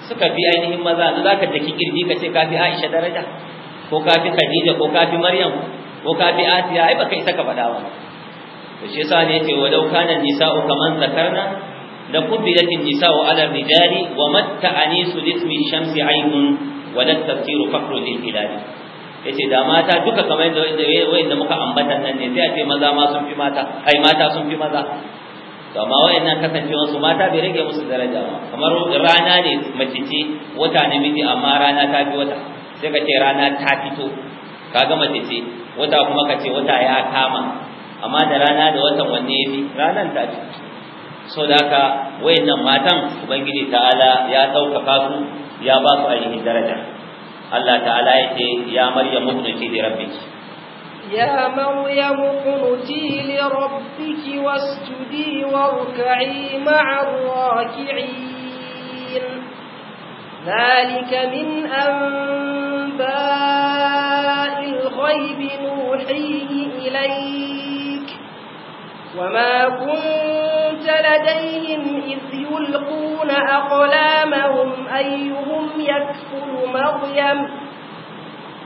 [SPEAKER 2] suka fi ainihin maza da zaka daki kirji ka ce kafi Aisha daraja ko kafi Khadija ko kafi Maryam ko kafi Asiya ai baka isa ka faɗa ba to shi yasa ne yace walau kana nisa'u kaman zakarna la kubilati nisa'u ala rijali wa matta anisu lismi shamsi aynun wa la tafsiru faqru lil hilal yace da mata duka kamar da wayanda muka ambata nan ne sai a ce maza ma sun fi mata ai mata sun fi maza to amma wayannan kasancewar su mata bai rage musu daraja ba kamar rana ne mace ce wata namiji amma rana ta fi wata sai ka ce rana ta fito kaga mace ce wata kuma ka ce wata ya kama amma da rana da watan wanne ya fi ranan ta fi so da haka wayannan matan ubangiji ta'ala ya ɗaukaka su ya ba su ainihin daraja Allah ta'ala ya ce ya maryamu tunuki da rabbiki
[SPEAKER 1] يا مريم قنتي لربك واسجدي واركعي مع الراكعين ذلك من أنباء الغيب نوحيه إليك وما كنت لديهم إذ يلقون أقلامهم أيهم يكفر مريم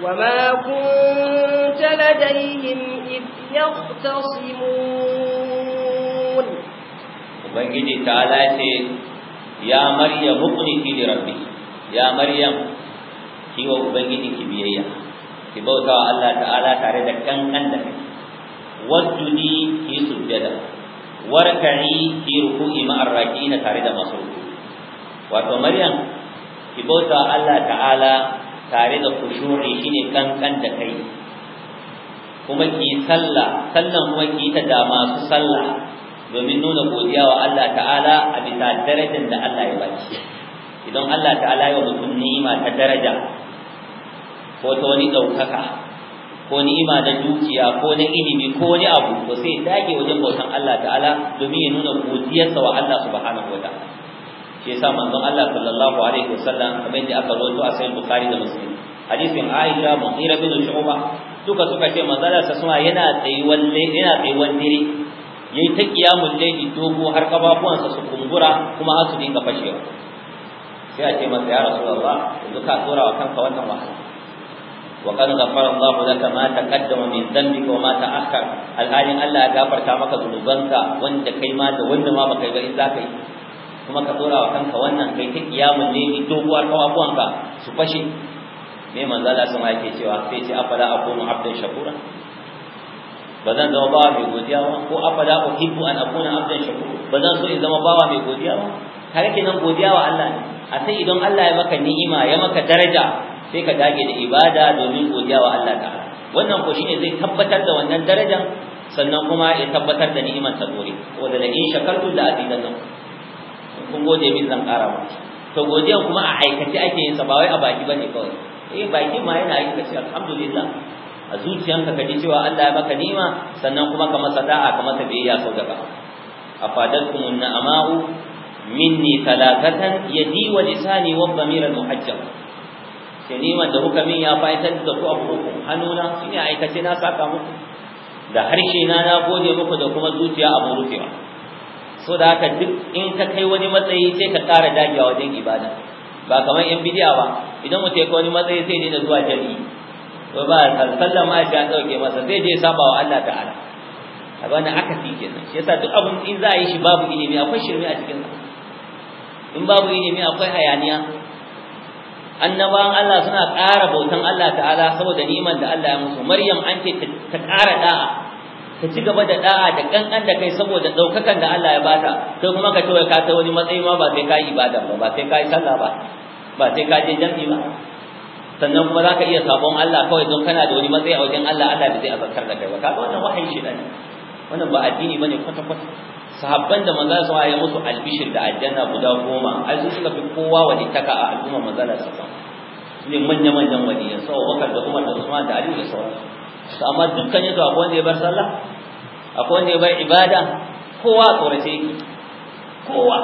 [SPEAKER 1] وما كنت لديهم إذ يختصمون
[SPEAKER 2] وبنجد تعالى يا مريم اقنتي لربك يا مريم kiwa ubangiji ki biyayya ki bautawa wa Allah ta'ala tare da kankan da kai wadduni ki sujjada warkani ki ruku'i ma'ar raki'ina tare da masu wato maryam ki bauta Allah ta'ala tare da khushu'i shine kankan da kai kuma ki sallah sannan kuma ki ta da masu sallah domin nuna godiya wa Allah ta'ala a bisa darajar da Allah ya baki idan Allah ta'ala ya mutum ni'ima ta daraja ko ta wani ɗaukaka ko ni'ima na dukiya ko na ilimi ko wani abu ko sai dage wajen bautan Allah ta'ala domin ya nuna godiyarsa wa Allah subhanahu wa ta'ala shi yasa manzon Allah sallallahu alaihi wasallam kamar da aka rawaito a sahih bukhari da muslim hadisin Aisha Mughira bin Shu'ba duka suka ce manzon sa suna yana tsayuwan yana tsayuwan dire yayi ta qiyamul layli dogo har kababuwansa su kumbura kuma har su dinga fashewa sai a ce masa ya rasulullah yanzu ka tsora wa kanka wannan wahala wa qad ghafara Allah laka ma taqaddama min dhanbika wa ma ta'akhkhar alhalin Allah ya gafarta maka zunubanka wanda kai ma da wanda ma baka yi ba in zaka yi kuma ka dora wa kanka wannan kai ta kiyamun ne doguwar kawabuwanka su fashe me manzala sun ake cewa sai ce afala akunu abdan shakura ba zan zama bawa mai godiya ba ko afala uhibbu an akuna abdan shakura ba zan so in zama bawa mai godiya ba kare kenan godiya wa Allah ne a sai idan Allah ya maka ni'ima ya maka daraja sai ka dage da ibada domin godiya wa Allah ta'ala wannan ko shine zai tabbatar da wannan darajar sannan kuma ya tabbatar da ni'imar sa dore wanda da in shakartu da azidan kun gode min zan kara ba to godiya kuma a aikace ake yin sa ba wai a baki bane kawai eh baki ma yana yin ce alhamdulillah a zuciyanka ka ji cewa Allah ya maka ni'ima sannan kuma ka masa da'a ka masa biyayya sau gaba afadatkum an'ama'u minni talakatan yadi wa lisani wa dhamir al-muhajjab sai ni'imar da kuka min ya fa'itar da ku abu uku hannuna shine aikace na saka muku da harshe na na gode muku da kuma zuciya abu rufewa so da haka duk in ka kai wani matsayi sai ka ƙara dagewa wajen ibada ba kamar yan bidiya ba idan mutum ya kai wani matsayi sai daina zuwa jami'i to ba sallan ma shi an dauke masa sai je saba wa Allah ta'ala a bana aka fi kenan shi yasa duk abun in za a yi shi babu ilimi akwai shirme a cikin in babu ilimi akwai hayaniya annabawan Allah suna ƙara bautan Allah ta'ala saboda niman da Allah ya musu Maryam an ce ta ƙara da'a ka ci gaba da da'a da kankan da kai saboda daukakan da Allah ya bata to kuma ka tawaye ka ta wani matsayi ma ba sai ka yi ibada ba ba sai ka yi sallah ba ba sai ka je jami'i ba sannan kuma zaka iya sabon Allah kawai don kana da wani matsayi a wajen Allah Allah bai zai azartar da kai ba kaga wannan wahayi shi ne wannan ba addini bane kwata kwata sahabban da manzo sai ya musu albishir da aljanna guda goma ai suka fi kowa taka a al'umma manzo sa ne manyan manyan waliyan sa bakar da Umar da Usman da Ali da sauransu to amma dukkan yanzu akwai wanda ya bar sallah akwai wanda ya bar ibada kowa tsorace yake kowa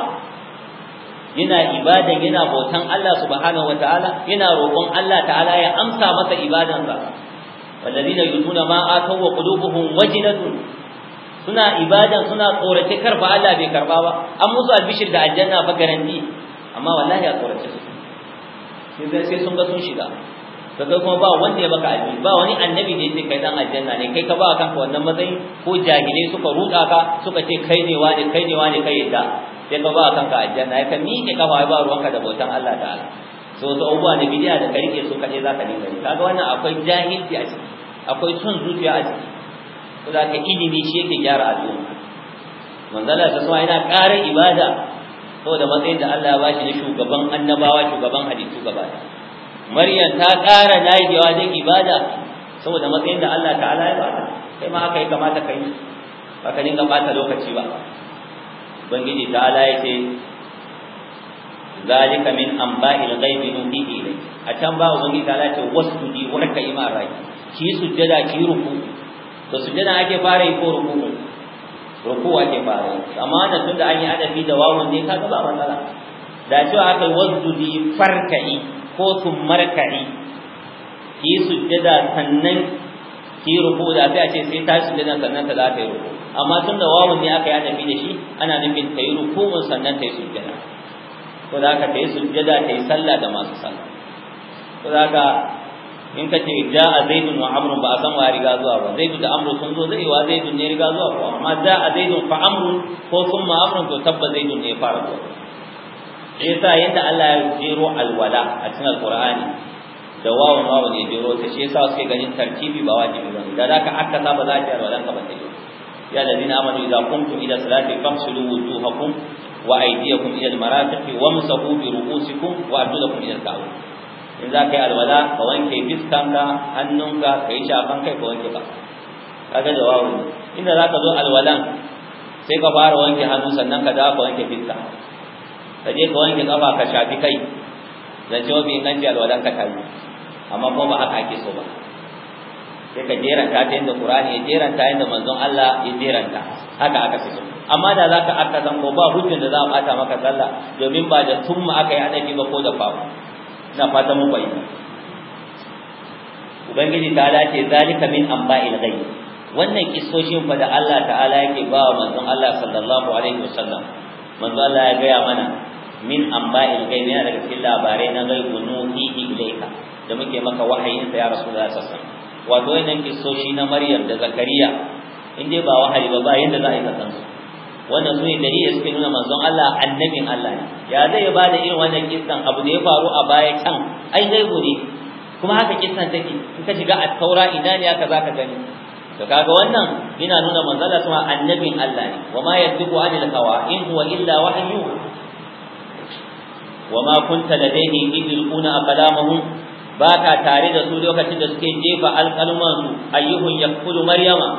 [SPEAKER 2] yana ibada yana bautan Allah subhanahu wataala yana roƙon Allah ta'ala ya amsa masa ibadansa walladina yutuna ma atau wa qulubuhum wajilatun suna ibadan suna tsorace karba Allah bai karba ba an musu albishir da aljanna fa garanti amma wallahi ya tsorace su sai sun ga sun shiga kaga kuma ba wanda ya baka aljanna ba wani annabi da yake kai dan aljanna ne kai ka ba kanka wannan matsayin ko jahilai suka ruda ka suka ce kai ne wani kai ne wani kai yadda sai ka ba kanka aljanna kai miƙe kafa ba ruwanka da bautan Allah ta'ala so to abubuwa ne bidiya da ka rike ka kaje zaka dinga yi kaga wannan akwai jahilci a ciki akwai son zuciya a ciki ko da ka ilimi shi yake gyara al'umma manzala ta sama yana ƙara ibada saboda matsayin da Allah ya bashi na shugaban annabawa shugaban halittu gaba ɗaya maryam ta ƙara dagewa wajen ibada saboda matsayin da Allah ta'ala ya bata sai ma haka ya kamata ka yi ba ka dinga bata lokaci ba ubangiji ta'ala ya ce zalika min amba'il ghaibi nuhihi a can ba ubangiji ta'ala ya ce wasjudi wa raka'i ma ra'i ki sujjada ki ruku to sujjada ake fara yi ko ruku ruku ake fara amma da tunda an yi adabi da wawan ne ka ga ba matsala da cewa aka wasjudi farka'i ko sun markaɗi, ki yi sujjada sannan ki yi da sai a ce sai ta yi sujjada sannan ta za ta yi ruku amma tun da wawun ne aka yi adabi da shi ana nufin ta yi mun sannan ta yi sujjada ko za ka ta yi sujjada ta yi sallah da masu sallah ko za ka in ka ce a zaidun wa amrun ba a san wa riga zuwa ba zaidu da amru sun zo zai wa zaidun ne riga zuwa ba amma a zaidun fa amrun ko sun ma amrun to tabba zaidun ne fara zuwa shi yasa yanda Allah ya jero alwala a cikin alqur'ani da wawan wawan ya jero ta shi yasa suke ganin tartibi ba wajibi ba da zaka akka ba za ki alwalan ka ba ta yi ya ladina amanu idza qumtum ila salati famsilu wujuhakum wa aydiyakum ila almarafiqi wamsahu bi ru'usikum wa arjulakum ila alka'bah in za ka yi alwala ka wanke ka hannunka ka yi shafan kai ka wanke ba kaga da wawan inda za ka zo alwalan sai ka fara wanke hannu sannan ka dawo ka wanke fiska ka je ka wanke kafa ka shafi kai ce wa nan jiya da ka tayi amma ko ba haka ake so ba sai ka jeranta ta yadda qur'ani ya jeranta yadda manzon Allah ya jeranta haka aka so amma da zaka aka ko ba hujjin da za a bata maka sallah domin ba da tumma aka yi adabi ba ko da fawo ina fata mun bayyana ubangiji ta dace zalika min amba'il ghaib wannan kissoshin fa da Allah ta'ala yake ba wa manzon Allah sallallahu alaihi wasallam manzon Allah ya gaya mana min in gai yana daga cikin labarai na ghaibu nuhihi ilayka da muke maka wahayin sa ya rasu da alaihi wato wannan kisoshi na maryam da zakariya in dai ba wahayi ba ba yanda za a yi kasan su wannan su ne dalilin suke nuna manzon Allah annabin Allah ne ya zai ba da irin wannan kissan abu da ya faru a baya can ai ghaibu ne kuma haka kissan take in ka shiga at-taura ina ne aka zaka gani to kaga wannan yana nuna manzon Allah sama annabin Allah ne wa ma yadduku anil hawa in huwa illa wahyu wa ma kunta ladaihim idh yulquna aqlamahum ba ka tare da su lokacin da suke jefa alƙalman su ayyuhun yaqulu maryama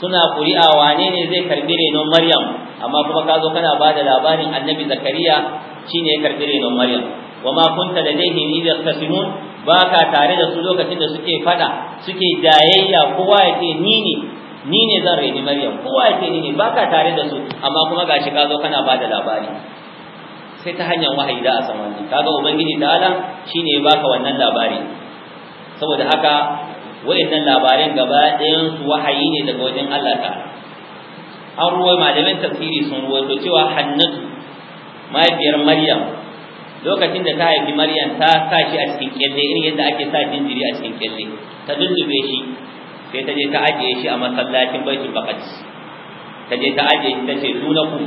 [SPEAKER 2] suna kuri'a, wane ne zai karbi renon maryam amma kuma ka zo kana bada labarin annabi zakariya shine ya karbi renon maryam wa ma kunta ladaihim idh yaqtasimun ba ka tare da su lokacin da suke fada suke dayayya? kowa ya ce ni ne ni ne zan reni maryam kowa ya ce ni ne ba ka tare da su amma kuma gashi ka zo kana ba da labari sai ta hanyar wahayi za a san wannan kaga ubangiji da alam shine ya baka wannan labari saboda haka wayannan labaran gaba ɗayan su wahayi ne daga wajen Allah ta. an ruwa malamin tafsiri sun to cewa Hannatu mahaifiyar Maryam lokacin da ta haifi Maryam ta sa shi a cikin kyalle irin yadda ake sa jinjiri a cikin kyalle ta dullube shi sai ta je ta ajiye shi a masallacin Baitul Maqdis ta je ta ajiye shi ta ce sunaku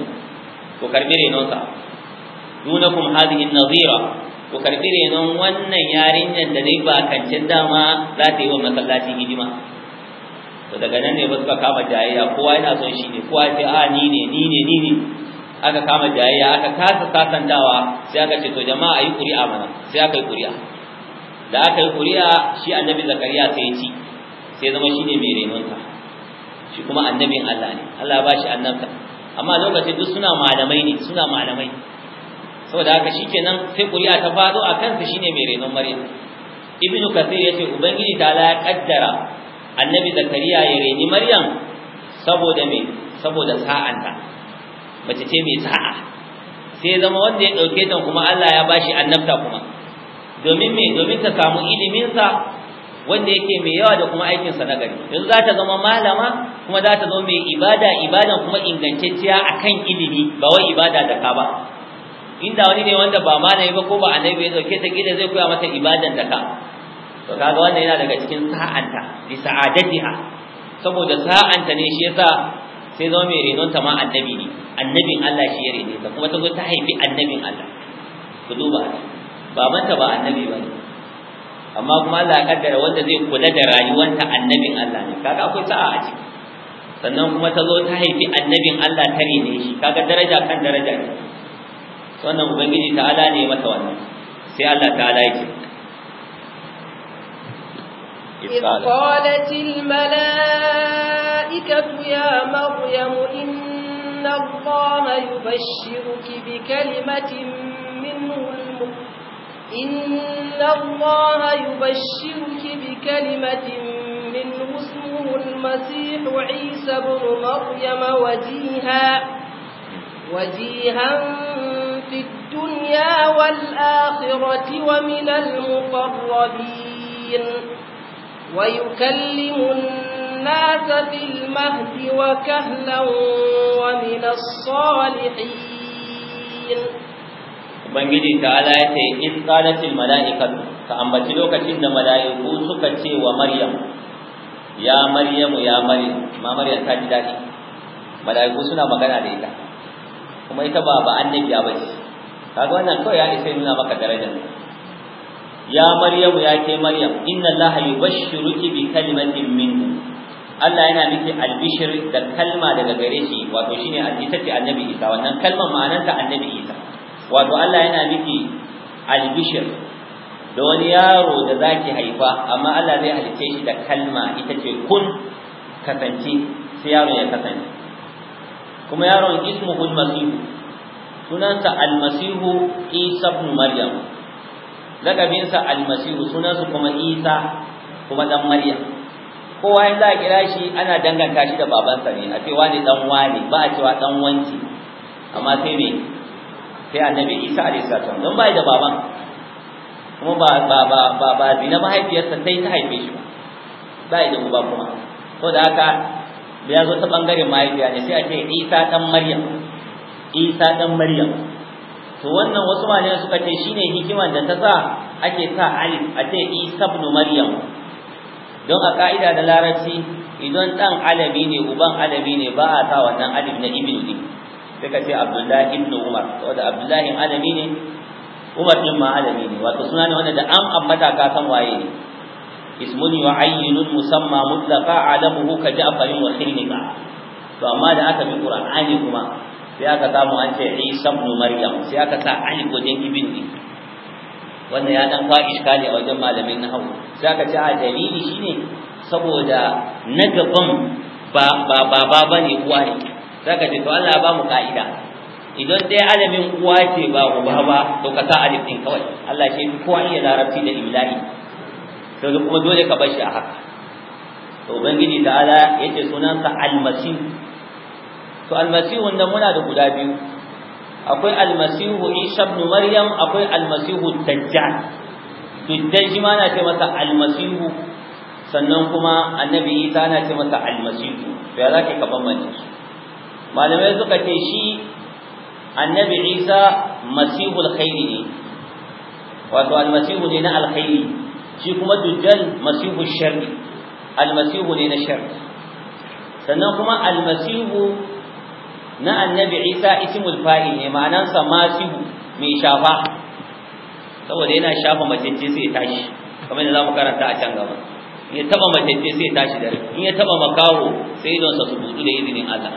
[SPEAKER 2] ko karbi renonsa dunakum hadhihi nadhira ku karbi renon wannan yarinyar da ne ba kancin dama za ta yi wa masallaci hidima to daga nan ne ba suka kama jayayya kowa yana son shi ne kowa sai a ah, ni ne ni ne ni ne aka kama jayayya aka kasa sasan dawa sai aka ce to jama'a ayi ƙuri'a mana sai aka yi ƙuri'a da aka yi ƙuri'a shi annabi zakariya sai ya ci sai zama shi ne mai renonta shi kuma annabin Allah ne Allah ya ba shi annabta amma lokacin duk suna malamai ne suna malamai saboda haka shikenan sai ƙuri'a ta fado a kansa shine mai renon maryam ibnu kathir yace ubangiji ta la kaddara annabi zakariya ya reni maryam saboda me saboda sa'anta mace ce mai sa'a sai zama wanda ya dauke ta kuma Allah ya bashi annabta kuma domin me domin ta samu ilimin sa wanda yake mai yawa da kuma aikin sa nagari yanzu za ta zama malama kuma za ta zama mai ibada ibadan kuma ingantacciya akan ilimi ba wai ibada da ka ba inda wani ne wanda ba malami ba ko ba annabi ya dauke ta gida zai koya mata ibadan ta ka to kaga wannan yana daga cikin sa'anta li sa'adatiha saboda sa'anta ne shi yasa sai zama mai renon ta ma annabi ne annabin Allah shi ya rene ta kuma ta zo ta haifi annabin Allah ku duba babanta ba annabi ba ne amma kuma Allah ya kaddara wanda zai kula da rayuwarta annabin Allah ne kaga akwai sa'a a ciki sannan kuma ta zo ta haifi annabin Allah ta rene shi kaga daraja kan daraja ne wannan ubangiji ta'ala ne mata wannan sai Allah ta'ala yake إذ قالت الملائكة يا مريم
[SPEAKER 1] إن الله يبشرك بكلمة منه إن الله يبشرك بكلمة منه اسمه المسيح عيسى بن مريم وجيها وجيها في الدنيا والآخرة ومن المقربين
[SPEAKER 2] ويكلم
[SPEAKER 1] الناس في المهد وكهلا ومن الصالحين
[SPEAKER 2] Ubangiji ta'ala ya ce in qalatil mala'ikatu ka ambaci lokacin da mala'iku suka ce wa Maryam ya Maryamu ya Maryam ma Maryam ta ji daɗi. mala'iku suna magana da ita kuma ita ba ba annabiya ba ce kaga wannan kawai ya isa nuna maka daraja. ya maryamu ya ke maryam inna allaha yubashshiruki bi kalimatin min. Allah yana miki albishir da kalma daga gare shi wato shine ita ce annabi Isa wannan kalman ma'anarta annabi Isa wato Allah yana miki albishir da wani yaro da zaki haifa amma Allah zai halicce shi da kalma ita ce kun kasance sai yaro ya kasance kuma yaron ismuhu Masihu, sunansa almasihu isa ibn maryam lakabinsa almasihu sunansa kuma isa kuma dan maryam kowa ya za a kira shi ana danganta shi da babansa ne a cewa ne dan wani ba a cewa dan wanci amma sai me sai annabi isa alayhi salam don bai da baban kuma ba ba ba ba ba zina mahaifiyarsa sai ta haife shi ba bai da uba kuma ko da haka da ya zo ta bangaren mahaifiya ne sai a ce isa dan maryam isa dan maryam to wannan wasu malamai suka ce shine hikimar da ta sa ake sa alif a ce isa ibn maryam don a ka'ida da larabci idan dan alabi ne uban alabi ne ba a sa wannan alif na ibn din sai ka ce abdullahi ibn umar saboda abdullahi alabi ne umar din ma alabi ne wato suna ne wanda da an ammata ka san waye ne ismun yu'ayyinun musamma mutlaqa alamuhu ka ja'farin wa khilnika to amma da aka bi qur'ani kuma sai aka an ce isa ibn maryam sai aka sa ali wajen ibn ne wannan ya dan kwa iskali a wajen malamin nahwu sai aka ce a dalili shine saboda na gaban ba ba ba bane uwa ne sai aka to Allah ka'ida idan dai alamin uwa ce ba ku ba to ka sa alif din kawai Allah shi kowa iya larabci da imla'i kaga kuma dole ka bashi a haka to ubangiji ala yace sunan sunansa almasih to almasihu nan muna da guda biyu akwai almasihu isa ibn maryam akwai almasihu dajjal dajjal shi ma na ce masa almasihu sannan kuma annabi isa na ce masa almasihu to ya zaki ka bambance su malamai suka ce shi annabi isa masihul khairi ne wato almasihu ne na alkhairi shi kuma dujjal masihu sharri almasihu ne na sharri sannan kuma almasihu na annabi isa ismul fa'il ne ma'anansa masihu mai shafa saboda yana shafa macece sai tashi kamar da zamu karanta a can gaba in ya taba macece sai tashi da in ya taba makawo sai idonsa su budu da izinin Allah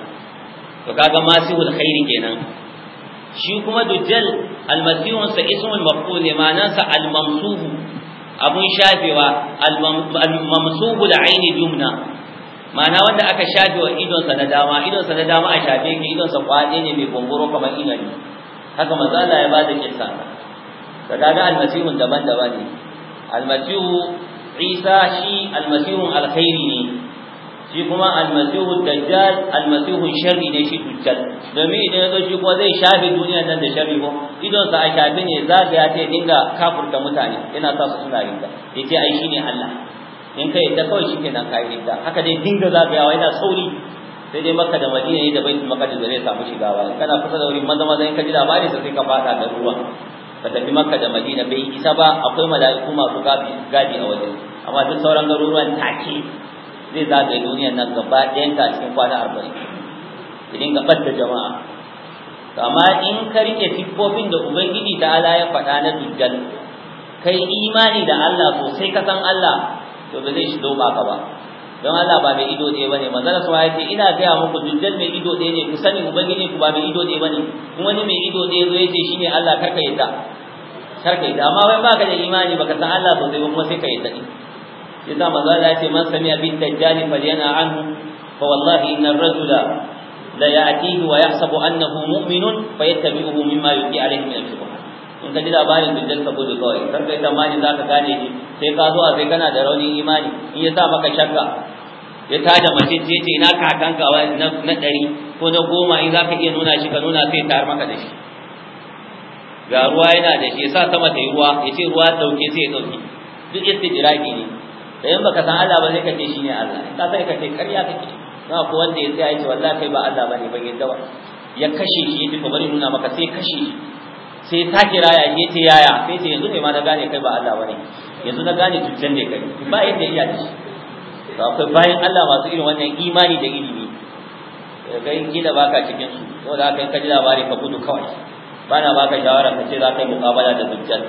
[SPEAKER 2] to kaga masihul khairi kenan shi kuma dujjal almasihun sa ismul maf'ul ne ma'anansa almamsuhu abun shafewa al mamsubu da aini jumna ma'ana wanda aka shafe wa idon sa na dama idon sa na dama a shafe ki sa kwaje ne mai gongoro kamar inabi haka manzo ya bada kissa da al almasihun daban-daban ne almasihu Isa shi almasihun alkhairi ne shi kuma almasihu dajjal almasihu sharri ne shi dajjal domin idan ya zo shi kuma zai shafe duniya nan da sharri ko idon sa a shafe ne zaga ya dinga kafurta mutane yana sa su suna rinka yace ai shine Allah in kai da kawai shi kenan kai rinka haka dai dinga zagayawa yana sauri sai dai makka da madina ne da baitul maqdis da zai samu shiga ba kana kusa da wurin maza mazan in ka ji labari sai ka fada da ruwa ka tafi makka da madina bai isa ba akwai mala'iku masu gadi a wajen amma duk sauran garuruwan take zai zagaye duniya nan gaba ɗayan ta cikin kwana arba'in ya dinga ɓadda jama'a amma in ka riƙe siffofin da ubangiji ta ala ya faɗa na dujjal kai imani da Allah sosai ka san Allah to ba zai shigo baka ba don Allah ba mai ido ɗaya bane manzon sa ya ce ina gaya muku dujjal mai ido ɗaya ne ku sani ubangiji ku ba mai ido ɗaya bane in wani mai ido ɗaya zo ya ce shine Allah karka yadda karka yadda amma wai baka da imani baka san Allah sosai ba kuma sai ka yadda yasa manzo Allah ya ce man sami abin dajjal fa yana anhu fa wallahi inna ar-rajula la ya'tihi wa yahsabu annahu mu'minun fa yattabi'uhu mimma yuti alayhi min al-shubuhat in ka ji labarin dajjal ka gudu kawai kar kai tsammani za ka gane shi sai ka zo a sai kana da raunin imani in ya sa maka shakka ya tada mace ce ce ina kakanka na ɗari ko na goma in za ka iya nuna shi ka nuna sai har maka da shi ga ruwa yana da shi ya sa sama ta yi ruwa ya ce ruwa ɗauke sai ya ɗauke duk yadda Jiragi ne to in baka san Allah ba sai kace ce shine Allah ka sai ka ƙarya kake na ko wanda ya tsaya yace wallahi kai ba Allah bane ban yadda ba ya kashe shi yace to bari nuna maka sai kashe sai ta kira ya ke ce yaya sai ce yanzu ne ma na gane kai ba Allah bane yanzu na gane tujjan ne kai ba yadda iya ce to akwai bayan Allah masu irin wannan imani da ilimi kai kila baka cikin su saboda haka in ka ji labari ka gudu kawai bana baka shawara ka ce za ka yi mukabala da tujjan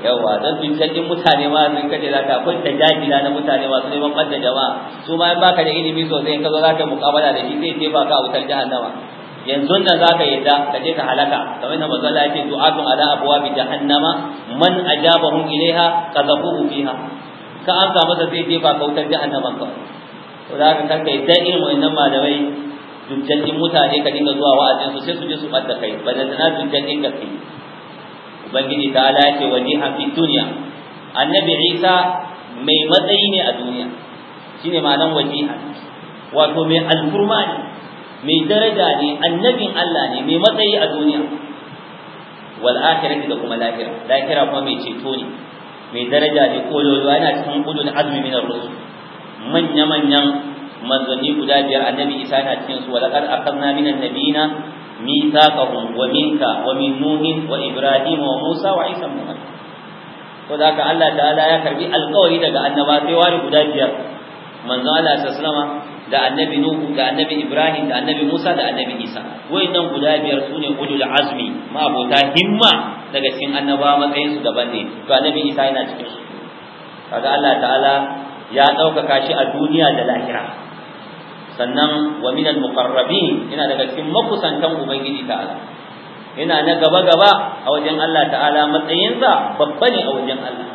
[SPEAKER 2] yawa don fitaccen mutane ma sun kace za ka akwai tajajila na mutane masu neman ɓadda jama'a su ma ba baka da ilimi sosai ka zo za ka muƙabala da shi zai ba ka a wutar jahannama yanzu nan za ka yadda ka je ka halaka kamar yadda manzo Allah ya ce du'atun ala abwabi jahannama man ajabahum ilaiha qadhafuhu fiha ka amsa masa zai ba ka wutar jahannama ba to da ka kanka yadda irin wannan malamai dukkan mutane ka dinga zuwa wa'azin su sai su je su ɓadda kai ba da na dukkanin gaske ubangiji ta lace wajihan fi duniya annabi isa mai matsayi ne a duniya shine ma'anar wajihan wato mai alfurma ne mai daraja ne annabin Allah ne mai matsayi a duniya wal akhirati da kuma lahira lahira kuma mai ceto ne mai daraja ne kololuwa yana cikin ulul azumi min ar-rusul manya manyan manzanni guda biyar annabi isa na cikin su walaqad akhadna minan nabiyina mithaqahum wa minka wa min wa ibrahim wa musa wa isa ibn ko da haka Allah ta'ala ya karbi alƙawari daga annaba sai wani guda biyar manzo Allah sallama da annabi nuhu da annabi ibrahim da annabi musa da annabi isa wayannan guda biyar sune ulul azmi ma abota himma daga cikin annabawa matsayin su daban ne to annabi isa yana cikin su kaga Allah ta'ala ya ɗaukaka shi a duniya da lahira sannan wa minal muqarrabin yana daga cikin makusantan ubangiji ta'ala yana na gaba gaba a wajen Allah ta'ala matsayinsa babba ne a wajen Allah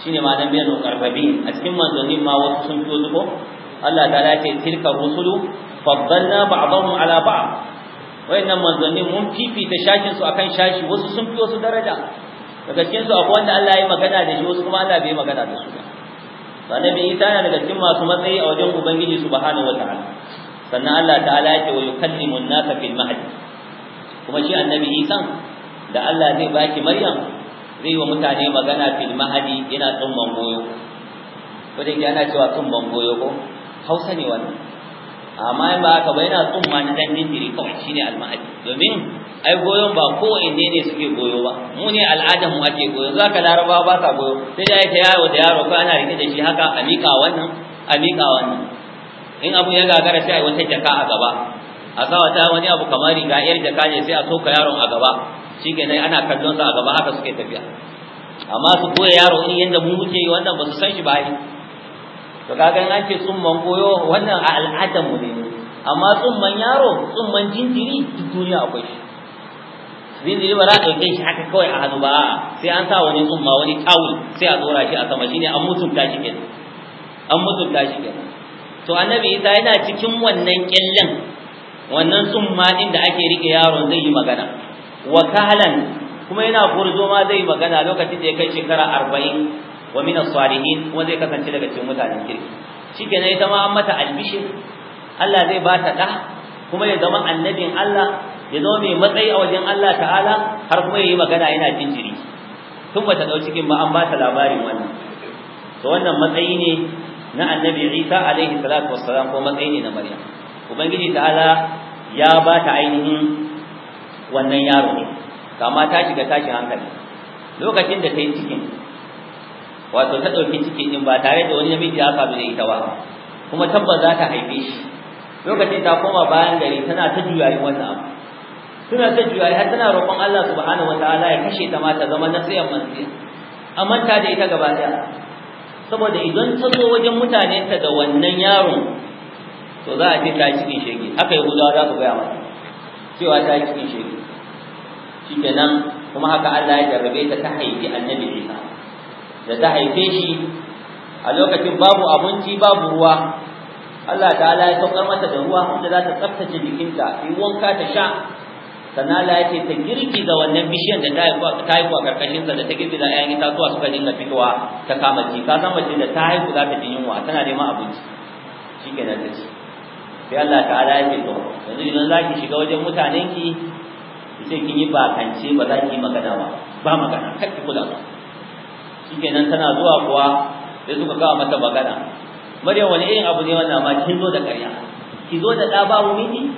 [SPEAKER 2] shine ma dan minal muqarrabin a cikin manzonin ma wasu sun fito zuko Allah ta'ala ya ce tilka rusulu faddalna ba'dahum ala ba'd wayannan manzonin mun fifita shakin su akan shashi wasu sun fi wasu daraja daga cikin su akwai wanda Allah ya yi magana da shi wasu kuma Allah bai magana da su ba annabi isa yana daga cikin masu matsayi a wajen ubangiji subhanahu wataala sannan Allah ta'ala ya ce wa yukallimu an-nasa fil mahd kuma shi annabi isa da Allah zai baki maryam zai wa mutane magana fil mahdi yana tsumman goyo ko da cewa tsumman goyo ko hausa ne wannan amma in ba haka ba yana ma na dan jinjiri kawai shine alma'adi domin ai goyon ba ko inne ne suke goyo ba mu ne al'adar mu ake goyo zaka laraba ba ka goyo sai dai ta yaro da yaro ko ana rike da shi haka a miƙa wannan a miƙa wannan in abu ya gagara sai a wata jaka a gaba a sa wata wani abu kamar riga yar jaka ne sai a soka yaron a gaba shikenan ana kallon sa a gaba haka suke tafiya amma su goya yaro in yanda mu muke yi wannan ba su san shi ba to kaga an ce tsumman goyo wannan a al'adar mu ne amma tsumman yaro tsumman jinjiri duk duniya akwai shi jinjiri ba za a ɗauke shi haka kawai a hannu ba sai an sa wani tsumma wani tawul sai a tsora shi a sama shine an mutunta shi kenan an mutunta shi kenan to annabi isa yana cikin wannan kyallen wannan tsumma din da ake rike yaron zai yi magana wakalan kuma yana furzo ma zai magana lokacin da ya kai shekara arba'in wa min as-salihin kuma zai kasance daga cikin mutanen kirki shikenan ita ma an mata albishir Allah zai ba ta da kuma ya zama annabin Allah ya zama mai matsayi a wajen Allah ta'ala har kuma yayi magana yana jinjiri tun bata dau cikin ba an ba ta labarin wannan to wannan matsayi ne na annabi Isa alaihi salatu wassalam ko matsayi ne na Maryam ubangiji ta'ala ya ba ta ainihin wannan yaro ne kama ta shiga tashin hankali lokacin da ta yi cikin wato ta ɗauki ciki din ba tare da wani namiji ya samu da ita ba kuma tabbas za ta haife shi lokacin ta koma bayan gari tana ta juyayi wannan abu suna ta juyayi har tana roƙon Allah subhanahu wataala ya kashe ta ma ta zama nasiyan manzi amma ta da ita gaba daya saboda idan ta zo wajen mutane ta da wannan yaron to za a ce ta cikin shege haka yahudawa za su gaya mata cewa ta cikin shege shikenan kuma haka Allah ya jarrabe ta ta haifi annabi Isa da ta haife shi a lokacin babu abinci babu ruwa Allah ta'ala ya saukar mata da ruwa wanda za ta tsaftace jikinta yi wanka ta sha sannan Allah ya ce ta girgiza wannan bishiyan da ta haifu a karkashin sa da ta girgiza ƴaƴan itatuwa suka dinga fitowa ta kama ji ka san mace da ta haifu za ta ji yunwa tana neman abinci nan ta ci sai Allah ta'ala ya ce to yanzu idan za ki shiga wajen mutanenki sai kin yi bakance ba za ki yi magana ba ba magana kar ki kula ba shikenan tana zuwa kuwa sai suka kawo mata magana maryam wani irin abu ne wannan ma kin zo da ƙarya ki zo da ɗa mu miji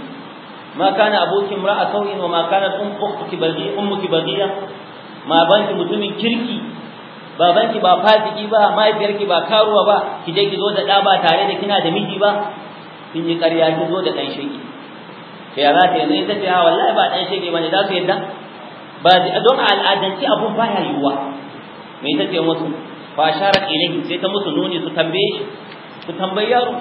[SPEAKER 2] ma kana abokin ra'a sauyin wa ma kana bazi ummu ki bazia ma banki mutumin kirki babanki ba fasiki ba mahaifiyarki ba karuwa ba ki je ki zo da ɗa ba tare da kina da miji ba kin yi ƙarya ki zo da ɗan shege sai ya za ta yanzu ita ce ha ah, wallahi ba ɗan shege bane da su yadda ba don al'adanci abun baya yiwuwa me ta ce musu fa sharat ilayhi sai ta musu nuni su tambaye shi su tambayi yaro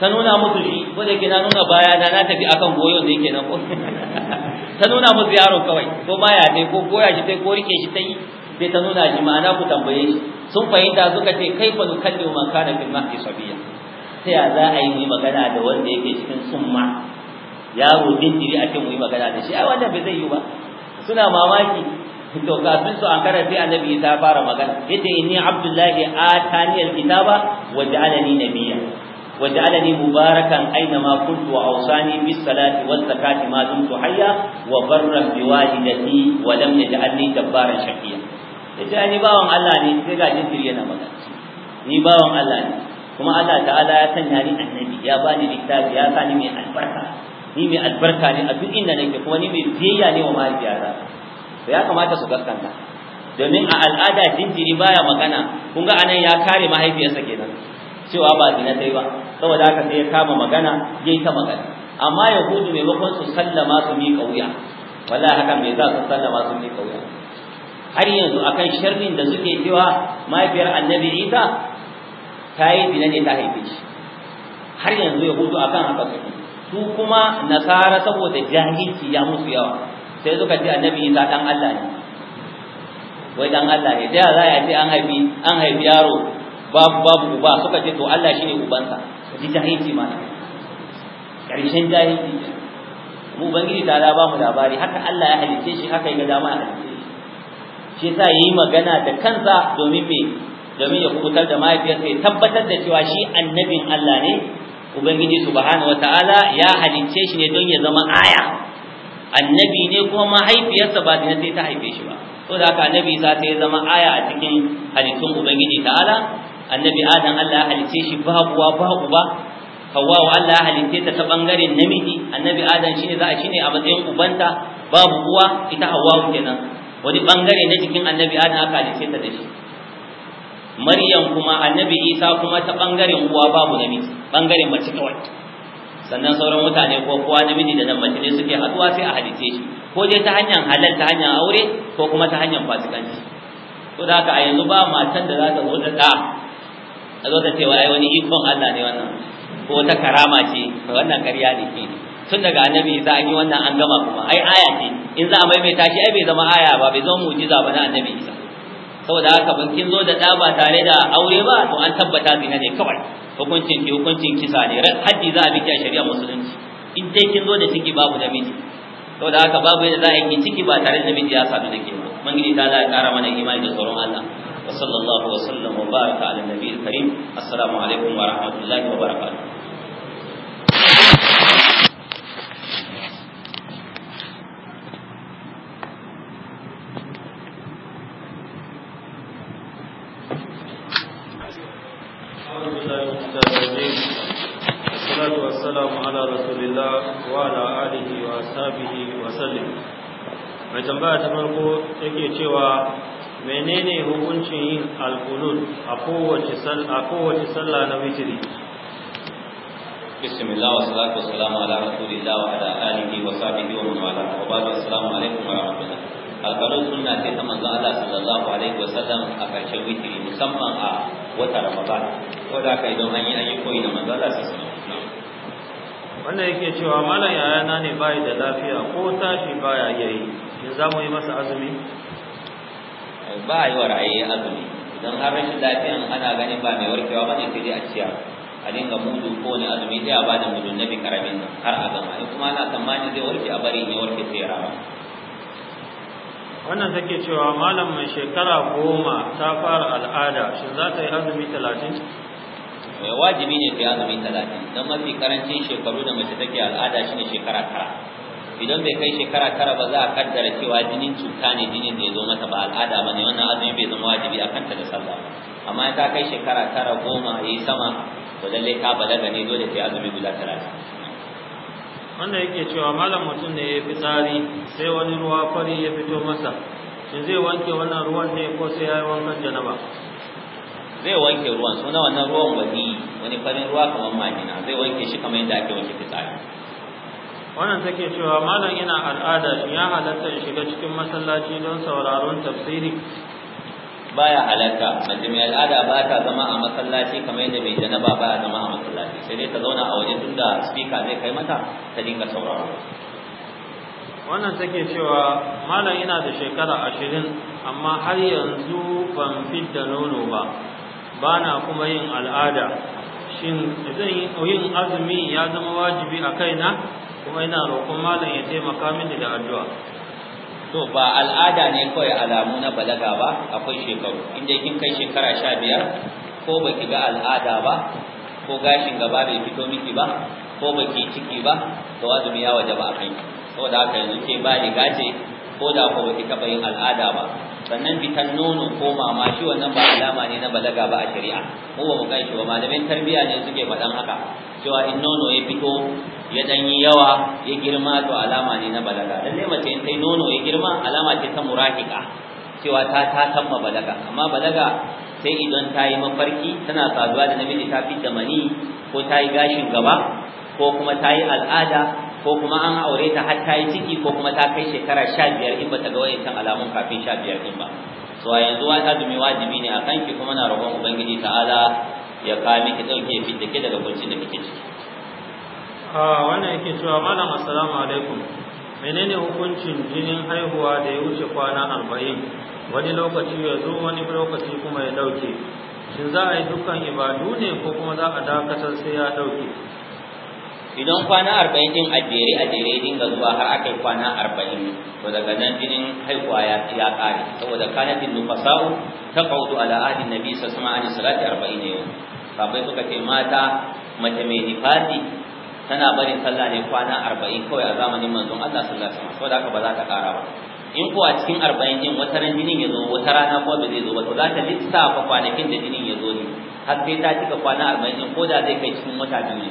[SPEAKER 2] ta nuna musu shi ko da ke na nuna baya na na tafi akan goyo da yake nan ko (laughs) ta nuna musu yaro kawai ko baya dai ko goya shi dai ko rike shi tai sai ta nuna shi ma'ana ku tambaye shi sun fahimta suka ce kai fa nukallu man kana fil mahdi sabiya ta ya za a yi mu magana da wanda yake cikin summa yaro dindiri a ce mu yi magana da shi ai wannan bai zai yi ba suna mamaki to kafin su an ankara sai annabi ta fara magana yace inni abdullahi atani alkitaba wa ja'alani nabiyya wa ja'alani mubarakan aina ma kuntu wa awsani bis salati waz zakati ma dumtu hayya wa barran bi walidati wa lam yaj'alni jabbaran shaqiya yace ni bawan Allah ne sai ga jinkiri yana magana ni bawan Allah ne kuma Allah ta'ala ya sanya ni annabi ya bani littafi ya sani mai albarka ni mai albarka ne a duk inda nake kuma ni mai biyayya ne wa mahaifiyata to ya kamata su gaskanta domin a al'ada jinjiri baya magana kun ga anan ya kare mahaifiyarsa kenan cewa ba zina ta yi ba saboda haka sai ya kama magana ya yi ta magana amma yahudu maimakon su sallama su miƙa wuya wala hakan mai za su sallama su miƙa wuya har yanzu akan sharrin da suke cewa mahaifiyar annabi isa ta yi zina ne ta haife shi har yanzu yahudu akan haka suke su kuma nasara saboda jahilci ya musu yawa sai suka ce annabi isa dan Allah ne wai dan Allah ne da za a ce an haifi an haifi yaro babu babu uba suka ce to Allah shine ubansa ji jahilci ma karshen jahilci mu ubangiji ta da ba mu labari haka Allah ya halice shi haka ya gada dama a halice shi Sai yasa yi magana da kansa domin me domin ya kubutar da mahaifiyarsa ya tabbatar da cewa shi annabin Allah ne ubangiji subhanahu wataala ya halicce shi ne don ya zama aya annabi ne kuma mahaifiyarsa ba zina sai ta haife shi ba to da haka annabi za ta zama aya a cikin halittun ubangiji ta'ala annabi adam Allah ya halice shi ba kuwa ba uba hawwa Allah ya halice ta ta bangaren namiji annabi adam shine za a shine a matsayin ubanta babu uwa ita hawwa kenan wani bangare na jikin annabi adam aka halice ta da shi Maryam kuma annabi Isa kuma ta bangaren uwa babu namiji bangaren mace kawai sannan sauran mutane ko kowa miji da nan mace ne suke haduwa sai a hadice shi ko dai ta hanyar halal ta hanyar aure ko kuma ta hanyar fasikanci to da haka a yanzu ba matan da za ta zo da da a zo ta ce wa ai wani ikon Allah ne wannan ko ta karama ce wannan ƙarya ne ke tun daga annabi za a yi wannan an gama kuma ai aya ce in za a maimaita shi ai bai zama aya ba bai zama mu'jiza ba na annabi isa saboda haka ban kin zo da ɗa ba tare da aure ba to an tabbata zina ne kawai hukuncin ki hukuncin kisa ne haddi za a bi a shari'a musulunci in dai kin zo da ciki babu namiji saboda haka babu yadda za a yi ciki ba tare da namiji ya sadu da ke ba ubangiji ta za a ƙara mana imani da tsoron Allah wa sallallahu wa sallam wa baraka ala nabiyil karim assalamu alaikum wa rahmatullahi wa barakatuh
[SPEAKER 1] الحمد لله المتابعين
[SPEAKER 3] والصلاة والسلام على رسول الله وعلى آله وأصحابه وسلم mai tambaya ta farko take cewa menene hukuncin yin alkunut a kowace sallah na witiri
[SPEAKER 2] bismillah wa salatu wa salamu ala rasulillah wa ala alihi wa sahbihi wa man wala wa assalamu alaikum wa rahmatullah alkalin suna sai ta manzo Allah sallallahu alaihi wasallam a karshen witiri musamman a wata ramadan ko da kai don an yi an yi koyi da manzo Allah sallallahu alaihi wasallam
[SPEAKER 3] wannan yake cewa malam
[SPEAKER 2] na ne bai da lafiya ko tashi baya yayi in za mu yi masa azumi ba yi wa ra'ayi azumi idan har rashin lafiyan ana ganin ba mai warkewa ba ne sai a ciya a dinga mudu ko wani azumi sai a ba da mudu na bi karamin har a gama in kuma ana tsammani zai warke a bari in warke sai ya rama wannan
[SPEAKER 3] take cewa malam mai shekara goma
[SPEAKER 2] ta fara al'ada shin za ta yi azumi talatin eh, wajibi ne ta yi azumi talatin don mafi karancin shekaru da mace take al'ada ne shekara tara idan bai kai shekara tara ba za a kaddara cewa jinin cuta ne jinin da ya zo mata ba al'ada ba ne wannan azumi bai zama wajibi a kanta da sallah amma ta kai shekara tara goma ya yi sama to lallai ta balaga ne dole ta yi azumi guda talatin
[SPEAKER 3] wanda yake cewa malam mutum ne ya fi tsari sai wani ruwa fari ya fito masa shi zai wanke wannan ruwan ne ko sai ya yi
[SPEAKER 2] wankan janaba zai wanke ruwan suna wannan ruwan wani wani farin ruwa kamar majina zai wanke shi kamar yadda ake wanke fitsari
[SPEAKER 3] wannan take cewa malam yana al'ada shi ya halatta shiga cikin masallaci don sauraron tafsiri
[SPEAKER 2] baya halarta mace mai al'ada ba ta zama a masallaci kamar yadda mai janaba ba ya zama a masallaci sai dai ta zauna a waje tunda speaker zai kai mata ta dinga saurara
[SPEAKER 3] wannan take cewa malam ina da shekara ashirin amma har yanzu ban fidda nono ba bana kuma yin al'ada shin zan yin azumi ya zama wajibi a kaina kuma ina roƙon malam ya taimaka mini
[SPEAKER 2] da addu'a to ba al'ada ne kawai alamu na balaga ba akwai shekaru inda kin kai shekara sha biyar ko baki ga al'ada ba ko gashin gaba bai fito miki ba ko baki ciki ba to azumi ya waje ba kai saboda haka yanzu ke ba ni gace, ko da ko baki taba yin al'ada ba sannan bitan nono ko mama shi wannan ba alama ne na balaga ba a shari'a ko ba mu kai shi ba malamin tarbiyya ne suke faɗan haka cewa in nono ya fito ya dan yi yawa ya girma to alama ne na balaga lalle mace in tai nono ya girma alama ce ta murahika cewa ta ta tamma balaga amma balaga sai idan ta yi mafarki tana saduwa da namiji ta fi mani ko ta yi gashin gaba ko kuma ta yi al'ada ko kuma an aure ta har ta yi ciki ko kuma ta kai shekara sha biyar in ba ta ga wayancan alamun kafin sha biyar din ba so a yanzu ta azumi wajibi ne a kanki kuma na roƙon ubangiji ta'ala ya kawo miki ɗauke fitake daga kuncin da kike ciki
[SPEAKER 3] wannan yake cewa malam assalamu alaikum menene hukuncin jinin haihuwa da ya wuce kwana arba'in wani lokaci ya zo wani lokaci kuma ya dauke shin za a yi dukkan ibadu ne ko kuma za a dakatar sai ya
[SPEAKER 2] dauke idan kwana arba'in din a jere a jere dinga zuwa har aka yi kwana arba'in to daga nan jinin haihuwa ya ya kare saboda kanatin nufasa'u taqawdu ala ahdi nabi sallallahu alaihi wasallam an salati arba'in yau sabai suka ce mata mace mai nifasi tana barin sallah ne kwana arba'in kawai a zamanin manzon Allah sallallahu alaihi wasallam saboda haka ba za ta ƙara ba in ko a cikin arba'in din wata ran jinin yazo wata rana ko ba zai zo ba to za ta lissafa kwanakin da jinin ya zo ne har sai ta cika kwana arba'in din ko da zai kai cikin wata biyu ne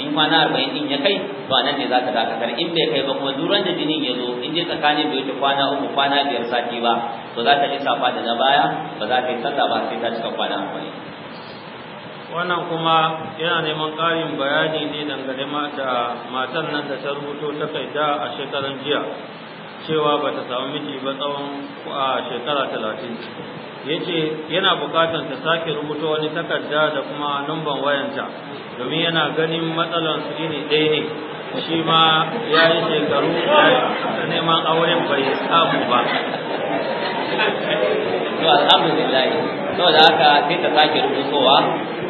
[SPEAKER 2] in kwana arba'in din ya kai to anan ne za ta dakatar in bai kai ba kuma duran da jinin ya zo in je tsakanin bai wuce kwana uku kwana biyar sati ba to za ta lissafa da na baya ba za ta yi sallah ba sai ta cika kwana 40
[SPEAKER 3] wannan kuma yana neman ƙarin bayani ne dangane da matan nan da ta rubuto da a shekaran jiya cewa ba ta samu miji ba tsawon a shekara talatin yace yana bukatan ta sake rubuta wani takarda da kuma numban wayanta domin yana ganin matsalar su ne ɗaya ne shi ma ya yi shekaru da neman auren bai samu ba
[SPEAKER 2] to alhamdulillah da haka sai ta sake rubutowa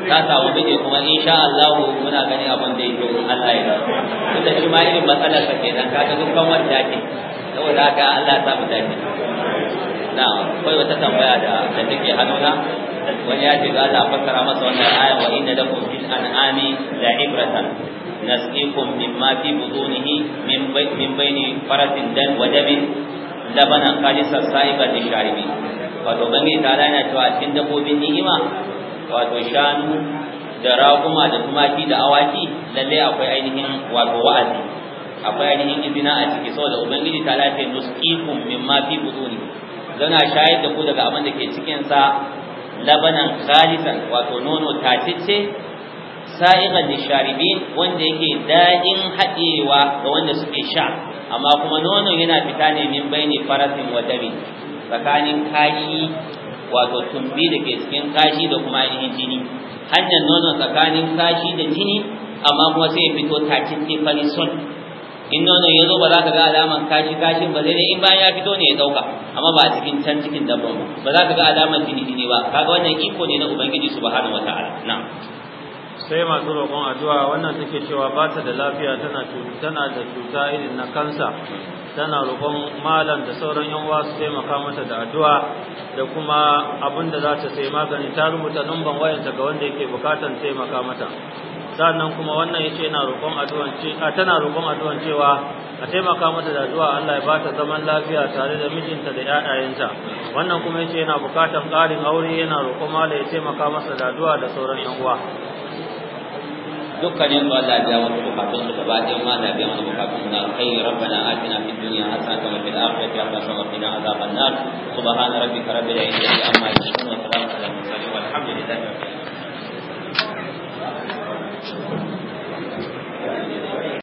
[SPEAKER 2] ta samu miji kuma insha Allah muna ganin abin da yake Allah ya tunda shi ma irin matsalar sa kenan kaga dukkan wanda yake saboda haka Allah ya sa mu na akwai wata tambaya da da take hannuna wani ya ce ga Allah fassara masa wannan aya wa inna lakum fil an'ami la ibrata nasqikum mimma fi budunihi min min bayni faratin dan wa labana qalisa sa'iba sa'iban sharibi wato bangi ta lana cewa cikin dabbobin ni'ima wato shanu da raguma da tumaki da awaki lalle akwai ainihin wato wa'azi akwai ainihin izina a ciki saboda ubangiji ta lafiya nusqikum mimma fi budunihi zana shayar da ku daga abin da ke cikinsa labanan khalisan wato nono tatacce sa'iqan lisharibin wanda yake daɗin haɗewa ga wanda suke sha amma kuma nonon yana fita ne min baini farasin wa dabi tsakanin kashi wato tumbi da ke cikin kashi da kuma ainihin jini hanyar nono tsakanin kashi da jini amma kuma sai ya fito tatice farisun in nono ya zo ba za ka ga alaman kashi kashin ba sai dai in bayan ya fito ne ya dauka amma ba a cikin can cikin dabban ba za ka ga alaman jini jini ba kaga wannan iko ne na ubangiji subhanahu wataala na
[SPEAKER 3] sai masu roƙon addu'a wannan take cewa ba ta da lafiya tana tana da cuta irin na kansa tana roƙon malam da sauran yan uwa su taimaka mata da addu'a da kuma abin da za ta sai magani ta rubuta numban wayanta ga wanda yake bukatan taimaka mata sannan kuma wannan yace yana roƙon addu'a ce tana roƙon addu'an cewa a taimaka mata da addu'a Allah ya bata zaman lafiya tare da mijinta da ƴaƴayenta wannan kuma yace yana bukatan ƙarin aure yana roƙon malam ya taimaka masa da addu'a da sauran yan uwa
[SPEAKER 2] dukkanin su Allah ya wasu bukatun su gaba ɗayan ma da biya mana bukatun na alkhairi rabbana atina fid dunya hasanatan wa fil akhirati hasanatan wa qina azaban nar subhana rabbika rabbil izzati amma yasifun wa salamun alal mursalin walhamdulillahi rabbil alamin